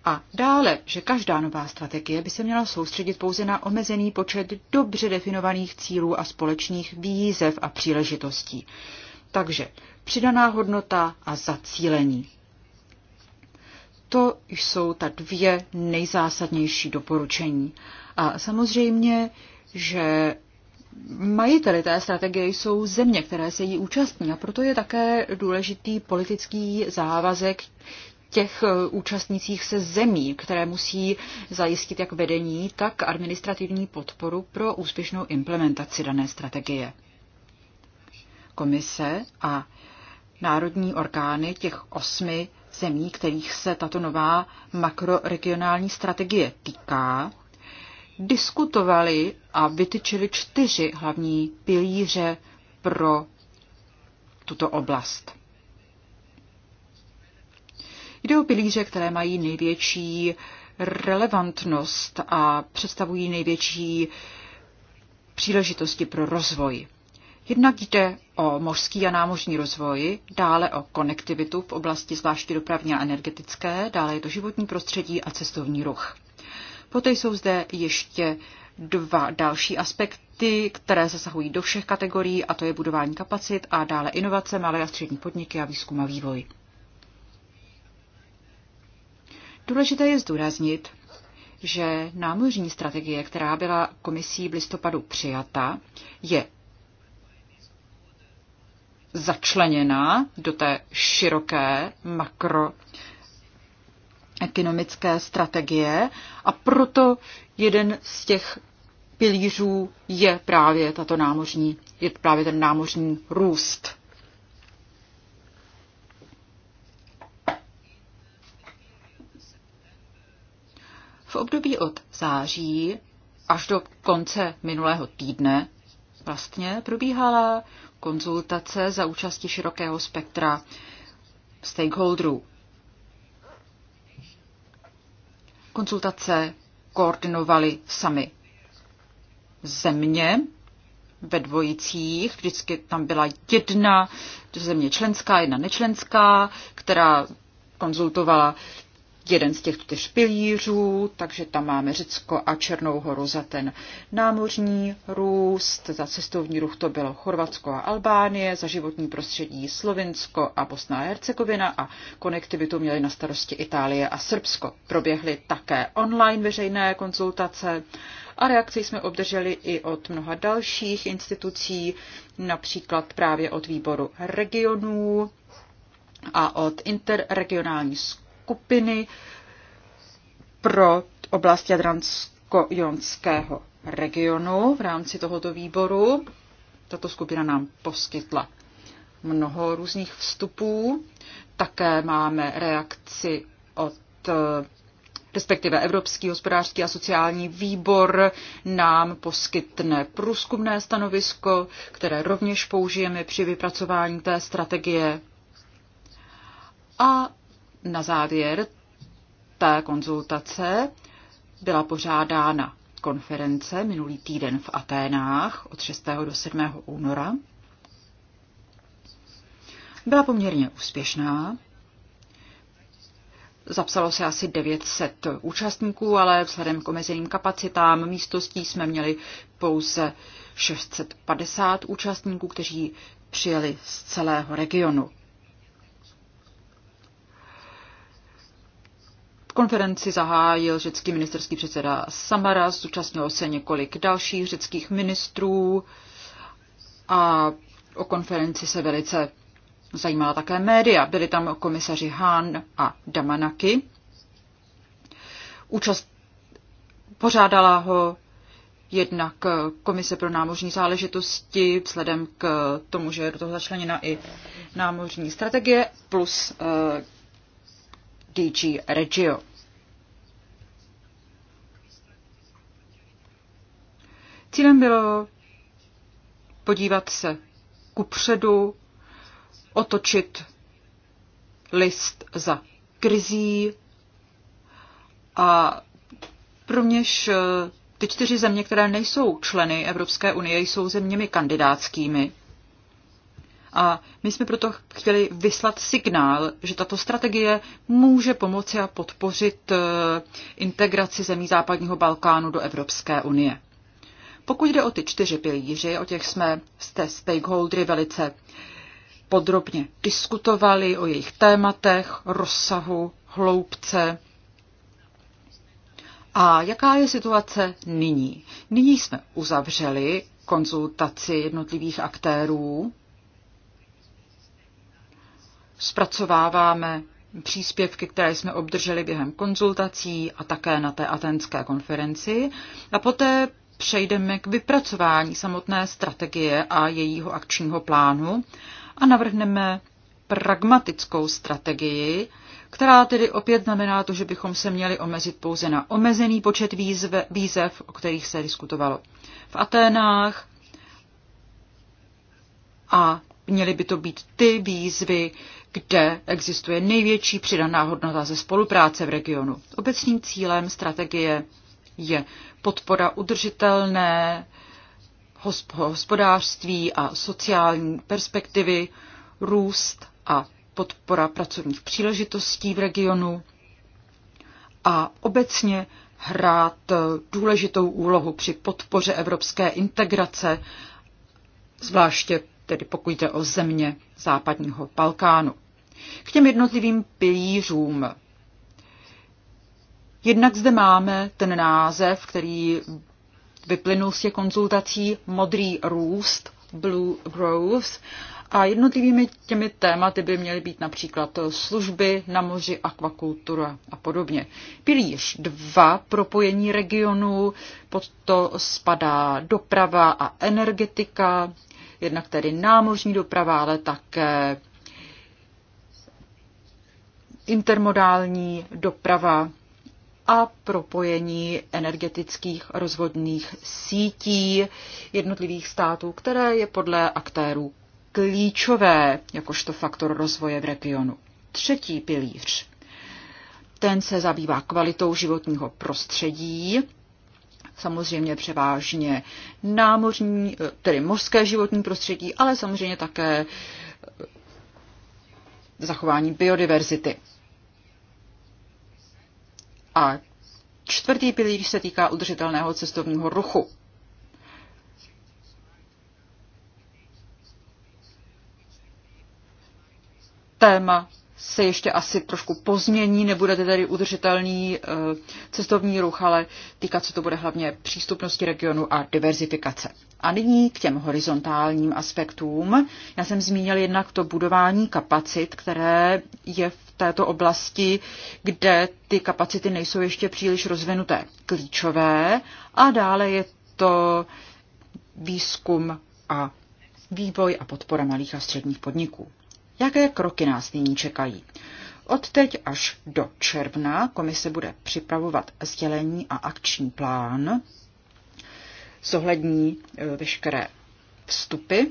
A dále, že každá nová strategie by se měla soustředit pouze na omezený počet dobře definovaných cílů a společných výzev a příležitostí. Takže přidaná hodnota a zacílení. To jsou ta dvě nejzásadnější doporučení. A samozřejmě, že Majiteli té strategie jsou země, které se jí účastní a proto je také důležitý politický závazek těch eh, účastnících se zemí, které musí zajistit jak vedení, tak administrativní podporu pro úspěšnou implementaci dané strategie komise a národní orgány těch osmi zemí, kterých se tato nová makroregionální strategie týká, diskutovali a vytyčili čtyři hlavní pilíře pro tuto oblast. Jde o pilíře, které mají největší relevantnost a představují největší příležitosti pro rozvoj Jednak jde o mořský a námořní rozvoj, dále o konektivitu v oblasti zvláště dopravní a energetické, dále je to životní prostředí a cestovní ruch. Poté jsou zde ještě dva další aspekty, které zasahují do všech kategorií, a to je budování kapacit a dále inovace, malé a střední podniky a výzkum a vývoj. Důležité je zdůraznit, že námořní strategie, která byla komisí v listopadu přijata, je začleněna do té široké makroekonomické strategie a proto jeden z těch pilířů je právě tato námořní, je právě ten námořní růst. V období od září až do konce minulého týdne vlastně probíhala konzultace za účasti širokého spektra stakeholderů. Konzultace koordinovali sami země ve dvojicích. Vždycky tam byla jedna země členská, jedna nečlenská, která konzultovala jeden z těch čtyř pilířů, takže tam máme Řecko a Černou horu za ten námořní růst, za cestovní ruch to bylo Chorvatsko a Albánie, za životní prostředí Slovinsko a Bosna a Hercegovina a konektivitu měly na starosti Itálie a Srbsko. Proběhly také online veřejné konzultace a reakci jsme obdrželi i od mnoha dalších institucí, například právě od výboru regionů, a od interregionální skupiny skupiny pro oblast Jadransko-jonského regionu v rámci tohoto výboru. Tato skupina nám poskytla mnoho různých vstupů. Také máme reakci od eh, respektive Evropský hospodářský a sociální výbor nám poskytne průzkumné stanovisko, které rovněž použijeme při vypracování té strategie. A na závěr té konzultace byla pořádána konference minulý týden v Aténách od 6. do 7. února. Byla poměrně úspěšná. Zapsalo se asi 900 účastníků, ale vzhledem k omezeným kapacitám místostí jsme měli pouze 650 účastníků, kteří přijeli z celého regionu. Konferenci zahájil řecký ministerský předseda Samara, zúčastnilo se několik dalších řeckých ministrů a o konferenci se velice zajímala také média. Byli tam komisaři Hahn a Damanaki. Účast pořádala ho jednak Komise pro námořní záležitosti, vzhledem k tomu, že je do toho začleněna i námořní strategie, plus eh, DG Regio. Cílem bylo podívat se kupředu, otočit list za krizí a rovněž eh, ty čtyři země, které nejsou členy Evropské unie, jsou zeměmi kandidátskými. A my jsme proto chtěli vyslat signál, že tato strategie může pomoci a podpořit eh, integraci zemí západního Balkánu do Evropské unie. Pokud jde o ty čtyři pilíři, o těch jsme s té stakeholdery velice podrobně diskutovali, o jejich tématech, rozsahu, hloubce. A jaká je situace nyní? Nyní jsme uzavřeli konzultaci jednotlivých aktérů Zpracováváme příspěvky, které jsme obdrželi během konzultací a také na té atenské konferenci. A poté přejdeme k vypracování samotné strategie a jejího akčního plánu a navrhneme pragmatickou strategii, která tedy opět znamená to, že bychom se měli omezit pouze na omezený počet výzve, výzev, o kterých se diskutovalo v Aténách. A měly by to být ty výzvy, kde existuje největší přidaná hodnota ze spolupráce v regionu. Obecným cílem strategie je podpora udržitelné hospodářství a sociální perspektivy, růst a podpora pracovních příležitostí v regionu a obecně hrát důležitou úlohu při podpoře evropské integrace, zvláště tedy pokud jde o země západního Balkánu. K těm jednotlivým pilířům. Jednak zde máme ten název, který vyplynul z těch konzultací Modrý růst, Blue Growth, a jednotlivými těmi tématy by měly být například služby na moři, akvakultura a podobně. Pilíř 2, propojení regionu pod to spadá doprava a energetika, jednak tedy námořní doprava, ale také intermodální doprava a propojení energetických rozvodných sítí jednotlivých států, které je podle aktérů klíčové jakožto faktor rozvoje v regionu. Třetí pilíř. Ten se zabývá kvalitou životního prostředí, samozřejmě převážně námořní, tedy mořské životní prostředí, ale samozřejmě také zachování biodiverzity. A čtvrtý pilíř se týká udržitelného cestovního ruchu. Téma se ještě asi trošku pozmění, nebude tady udržitelný eh, cestovní ruch, ale týkat se to bude hlavně přístupnosti regionu a diverzifikace. A nyní k těm horizontálním aspektům. Já jsem zmínil jednak to budování kapacit, které je v této oblasti, kde ty kapacity nejsou ještě příliš rozvinuté, klíčové. A dále je to výzkum a vývoj a podpora malých a středních podniků. Jaké kroky nás nyní čekají? Od teď až do června komise bude připravovat sdělení a akční plán, zohlední e, veškeré vstupy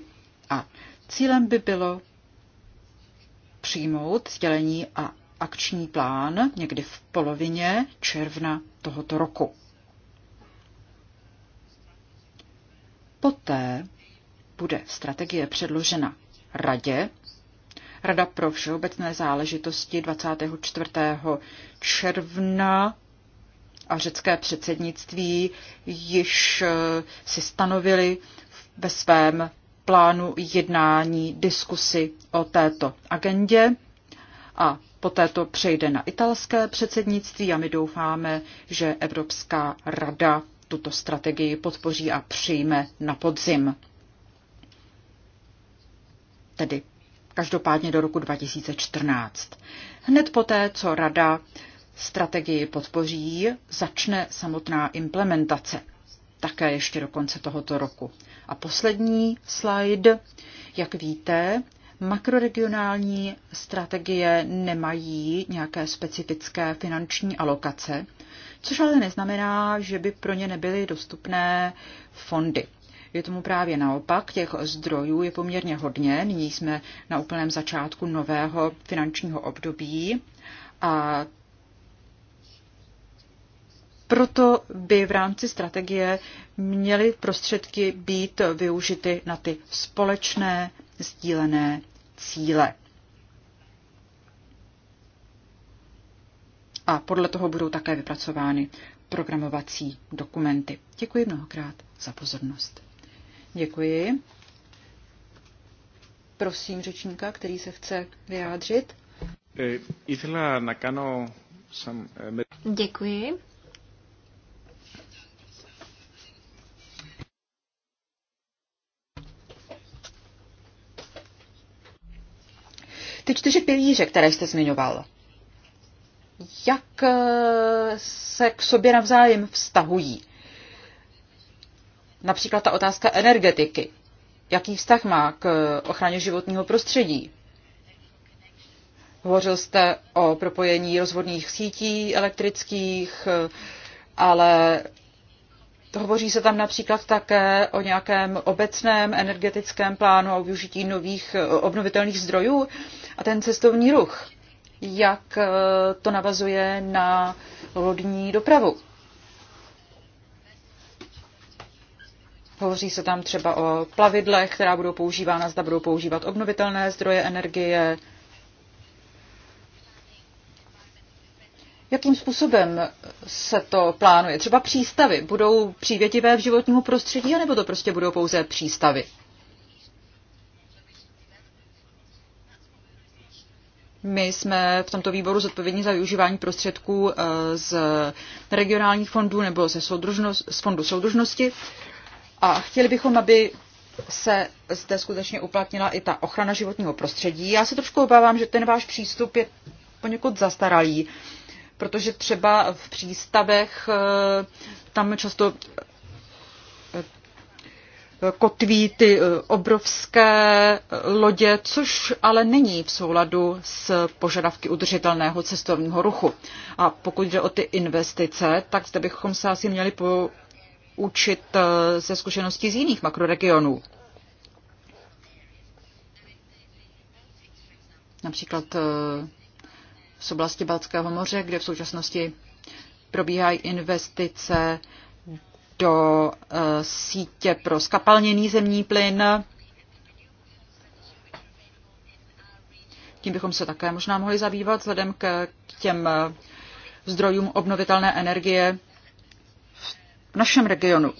a cílem by bylo přijmout sdělení a akční plán někdy v polovině června tohoto roku. Poté bude strategie předložena radě Rada pro všeobecné záležitosti 24. června a řecké předsednictví již eh, si stanovili ve svém plánu jednání diskusy o této agendě a poté to přejde na italské předsednictví a my doufáme, že Evropská rada tuto strategii podpoří a přijme na podzim. Tedy každopádně do roku 2014. Hned poté, co Rada strategii podpoří, začne samotná implementace. Také ještě do konce tohoto roku. A poslední slide. Jak víte, makroregionální strategie nemají nějaké specifické finanční alokace, což ale neznamená, že by pro ně nebyly dostupné fondy. Je tomu právě naopak, těch zdrojů je poměrně hodně. Nyní jsme na úplném začátku nového finančního období a proto by v rámci strategie měly prostředky být využity na ty společné sdílené cíle. A podle toho budou také vypracovány programovací dokumenty. Děkuji mnohokrát za pozornost. Děkuji. Prosím řečníka, který se chce vyjádřit. Eh, eh, Děkuji. Ty čtyři pilíře, které jste zmiňoval, jak eh, se k sobě navzájem vztahují? například ta otázka energetiky. Jaký vztah má k ochraně životního prostředí? Hovořil jste o propojení rozvodných sítí elektrických, ale hovoří se tam například také o nějakém obecném energetickém plánu a o využití nových obnovitelných zdrojů a ten cestovní ruch. Jak to navazuje na lodní dopravu? Hovoří se tam třeba o plavidlech, která budou používána, zda budou používat obnovitelné zdroje energie. Jakým způsobem se to plánuje? Třeba přístavy. Budou přívětivé v životnímu prostředí, anebo to prostě budou pouze přístavy? My jsme v tomto výboru zodpovědní za využívání prostředků eh, z regionálních fondů nebo ze soudružnost, z fondu soudržnosti. A chtěli bychom, aby se zde skutečně uplatnila i ta ochrana životního prostředí. Já se trošku obávám, že ten váš přístup je poněkud zastaralý, protože třeba v přístavech eh, tam často eh, kotví ty eh, obrovské lodě, což ale není v souladu s požadavky udržitelného cestovního ruchu. A pokud jde o ty investice, tak zde bychom se asi měli po, učit eh, ze zkušeností z jiných makroregionů. Například eh, z oblasti Baltského moře, kde v současnosti probíhají investice do eh, sítě pro skapalněný zemní plyn. Tím bychom se také možná mohli zabývat vzhledem k těm zdrojům obnovitelné energie, v našem regionu.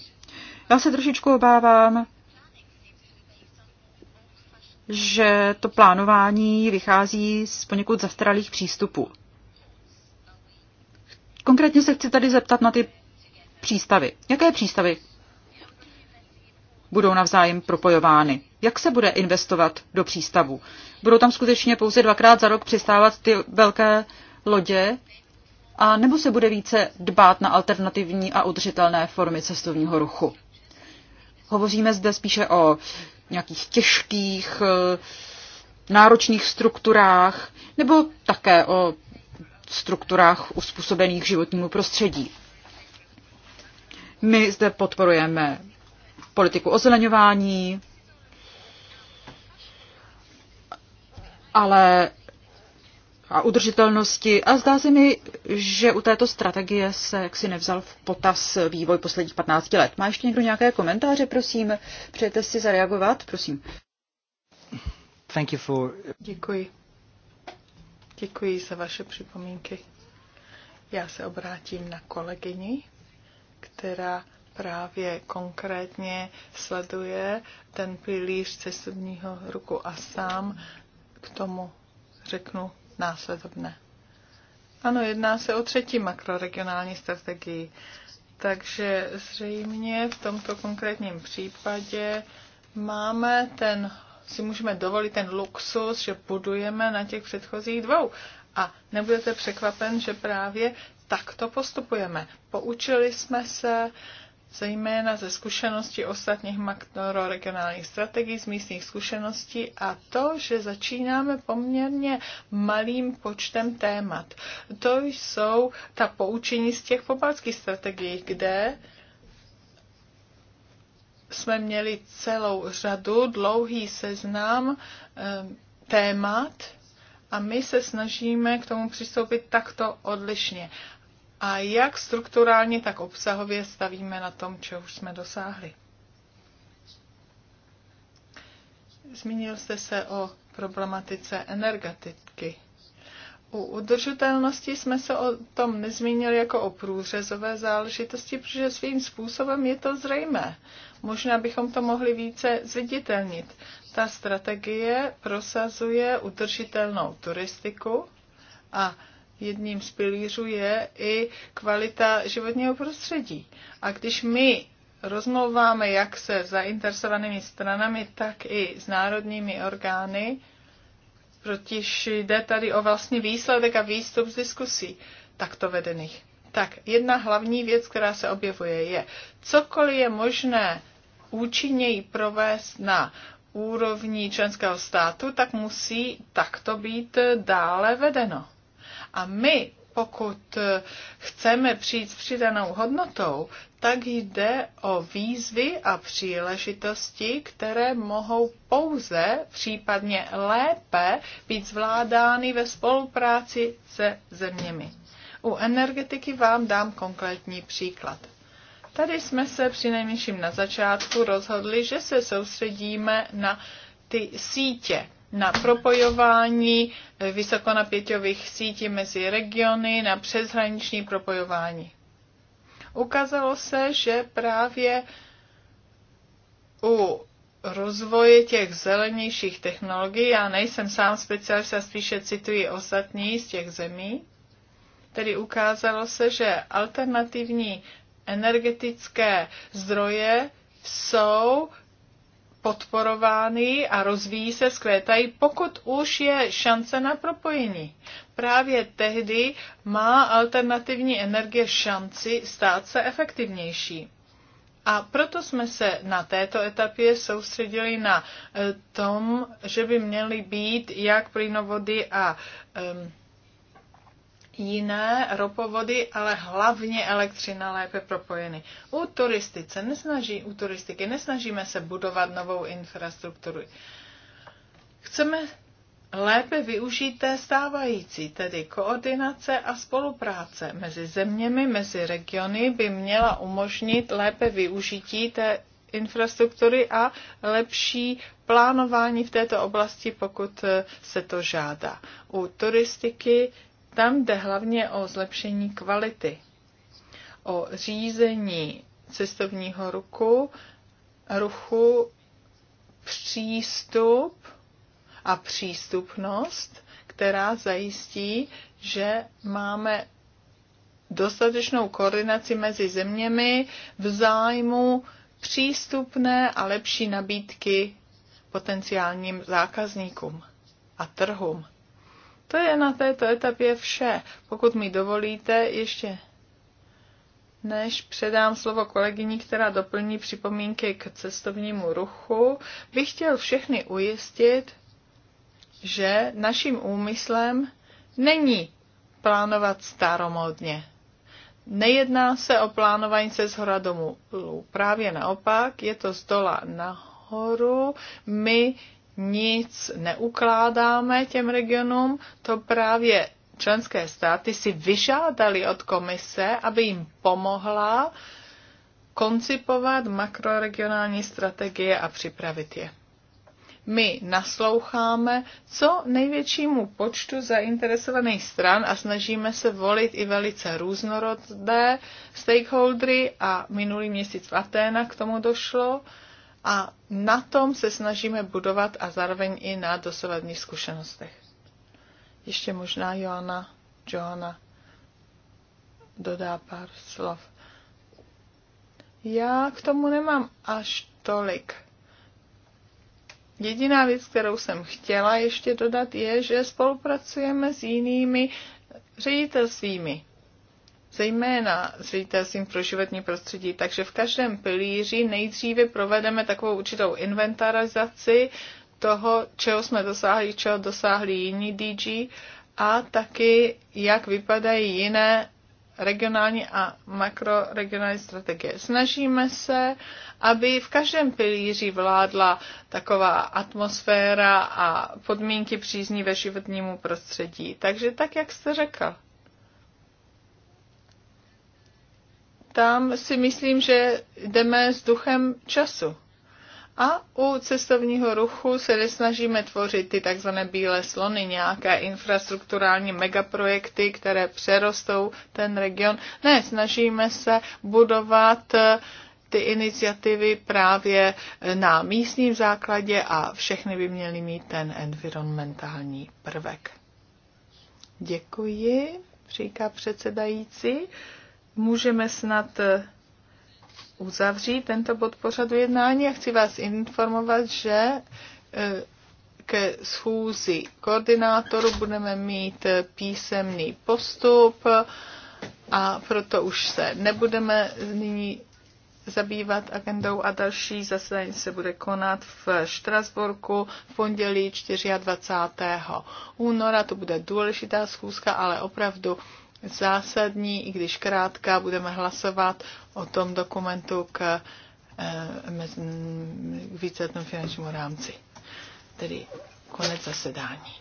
Já se trošičku obávám, že to plánování vychází z poněkud zastaralých přístupů. Konkrétně se chci tady zeptat na ty přístavy. Jaké přístavy budou navzájem propojovány? Jak se bude investovat do přístavů? Budou tam skutečně pouze dvakrát za rok přistávat ty velké lodě, a nebo se bude více dbát na alternativní a udržitelné formy cestovního ruchu? Hovoříme zde spíše o nějakých těžkých, eh, náročných strukturách nebo také o strukturách uspůsobených životnímu prostředí. My zde podporujeme politiku ozeleňování, ale a udržitelnosti a zdá se mi, že u této strategie se jaksi nevzal v potaz vývoj posledních 15 let. Má ještě někdo nějaké komentáře, prosím? Přejete si zareagovat, prosím. Thank you for... Děkuji. Děkuji za vaše připomínky. Já se obrátím na kolegyni, která právě konkrétně sleduje ten pilíř cestovního ruku a sám k tomu řeknu následovné. Ano, jedná se o třetí makroregionální strategii. Takže zřejmě v tomto konkrétním případě máme ten, si můžeme dovolit ten luxus, že budujeme na těch předchozích dvou. A nebudete překvapen, že právě takto postupujeme. Poučili jsme se, zejména ze zkušeností ostatních makroregionálních strategií, z místních zkušeností a to, že začínáme poměrně malým počtem témat. To jsou ta poučení z těch pobalských strategií, kde jsme měli celou řadu, dlouhý seznam eh, témat a my se snažíme k tomu přistoupit takto odlišně a jak strukturálně, tak obsahově stavíme na tom, čeho už jsme dosáhli. Zmínil jste se o problematice energetiky. U udržitelnosti jsme se o tom nezmínili jako o průřezové záležitosti, protože svým způsobem je to zřejmé. Možná bychom to mohli více zviditelnit. Ta strategie prosazuje udržitelnou turistiku a jedním z pilířů je i kvalita životního prostředí. A když my rozmlouváme jak se zainteresovanými stranami, tak i s národními orgány, protože jde tady o vlastní výsledek a výstup z diskusí takto vedených. Tak jedna hlavní věc, která se objevuje, je, cokoliv je možné účinněji provést na úrovni členského státu, tak musí takto být dále vedeno. A my, pokud eh, chceme přijít s přidanou hodnotou, tak jde o výzvy a příležitosti, které mohou pouze, případně lépe, být zvládány ve spolupráci se zeměmi. U energetiky vám dám konkrétní příklad. Tady jsme se přinejmenším na začátku rozhodli, že se soustředíme na ty sítě na propojování vysokonapěťových sítí mezi regiony, na přeshraniční propojování. Ukázalo se, že právě u rozvoje těch zelenějších technologií, já nejsem sám specialista, spíše cituji ostatní z těch zemí, tedy ukázalo se, že alternativní energetické zdroje jsou podporovány a rozvíjí se, skvětají, pokud už je šance na propojení. Právě tehdy má alternativní energie šanci stát se efektivnější. A proto jsme se na této etapě soustředili na eh, tom, že by měly být jak plynovody a um, jiné ropovody, ale hlavně elektřina lépe propojeny. U turistice nesnaží, u turistiky nesnažíme se budovat novou infrastrukturu. Chceme lépe využít té stávající, tedy koordinace a spolupráce mezi zeměmi, mezi regiony by měla umožnit lépe využití té infrastruktury a lepší plánování v této oblasti, pokud se to žádá. U turistiky tam jde hlavně o zlepšení kvality, o řízení cestovního ruku, ruchu, přístup a přístupnost, která zajistí, že máme dostatečnou koordinaci mezi zeměmi v zájmu přístupné a lepší nabídky potenciálním zákazníkům a trhům. To je na této etapě vše. Pokud mi dovolíte, ještě než předám slovo kolegyni, která doplní připomínky k cestovnímu ruchu, bych chtěl všechny ujistit, že naším úmyslem není plánovat staromodně. Nejedná se o plánování se z hora domů. Právě naopak, je to z dola nahoru. My nic neukládáme těm regionům, to právě členské státy si vyžádali od komise, aby jim pomohla koncipovat makroregionální strategie a připravit je. My nasloucháme co největšímu počtu zainteresovaných stran a snažíme se volit i velice různorodé stakeholdery a minulý měsíc v Aténa k tomu došlo. A na tom se snažíme budovat a zároveň i na dosavadních zkušenostech. Ještě možná Joana, Johana dodá pár slov. Já k tomu nemám až tolik. Jediná věc, kterou jsem chtěla ještě dodat, je, že spolupracujeme s jinými ředitelstvími zejména s ředitelstvím pro životní prostředí. Takže v každém pilíři nejdříve provedeme takovou určitou inventarizaci toho, čeho jsme dosáhli, čeho dosáhli jiní DG a taky, jak vypadají jiné regionální a makroregionální strategie. Snažíme se, aby v každém pilíři vládla taková atmosféra a podmínky příznivé životnímu prostředí. Takže tak, jak jste řekl, tam si myslím, že jdeme s duchem času. A u cestovního ruchu se nesnažíme tvořit ty takzvané bílé slony, nějaké infrastrukturální megaprojekty, které přerostou ten region. Ne, snažíme se budovat eh, ty iniciativy právě eh, na místním základě a všechny by měly mít ten environmentální prvek. Děkuji, říká předsedající můžeme snad eh, uzavřít tento bod pořadu jednání a chci vás informovat, že eh, ke schůzi koordinátoru budeme mít eh, písemný postup a proto už se nebudeme nyní zabývat agendou a další zasedání se bude konat v Štrasburku v pondělí 24. února. To bude důležitá schůzka, ale opravdu zásadní, i když krátká, budeme hlasovat o tom dokumentu k, eh, k víceletnému finančnímu rámci. Tedy konec zasedání.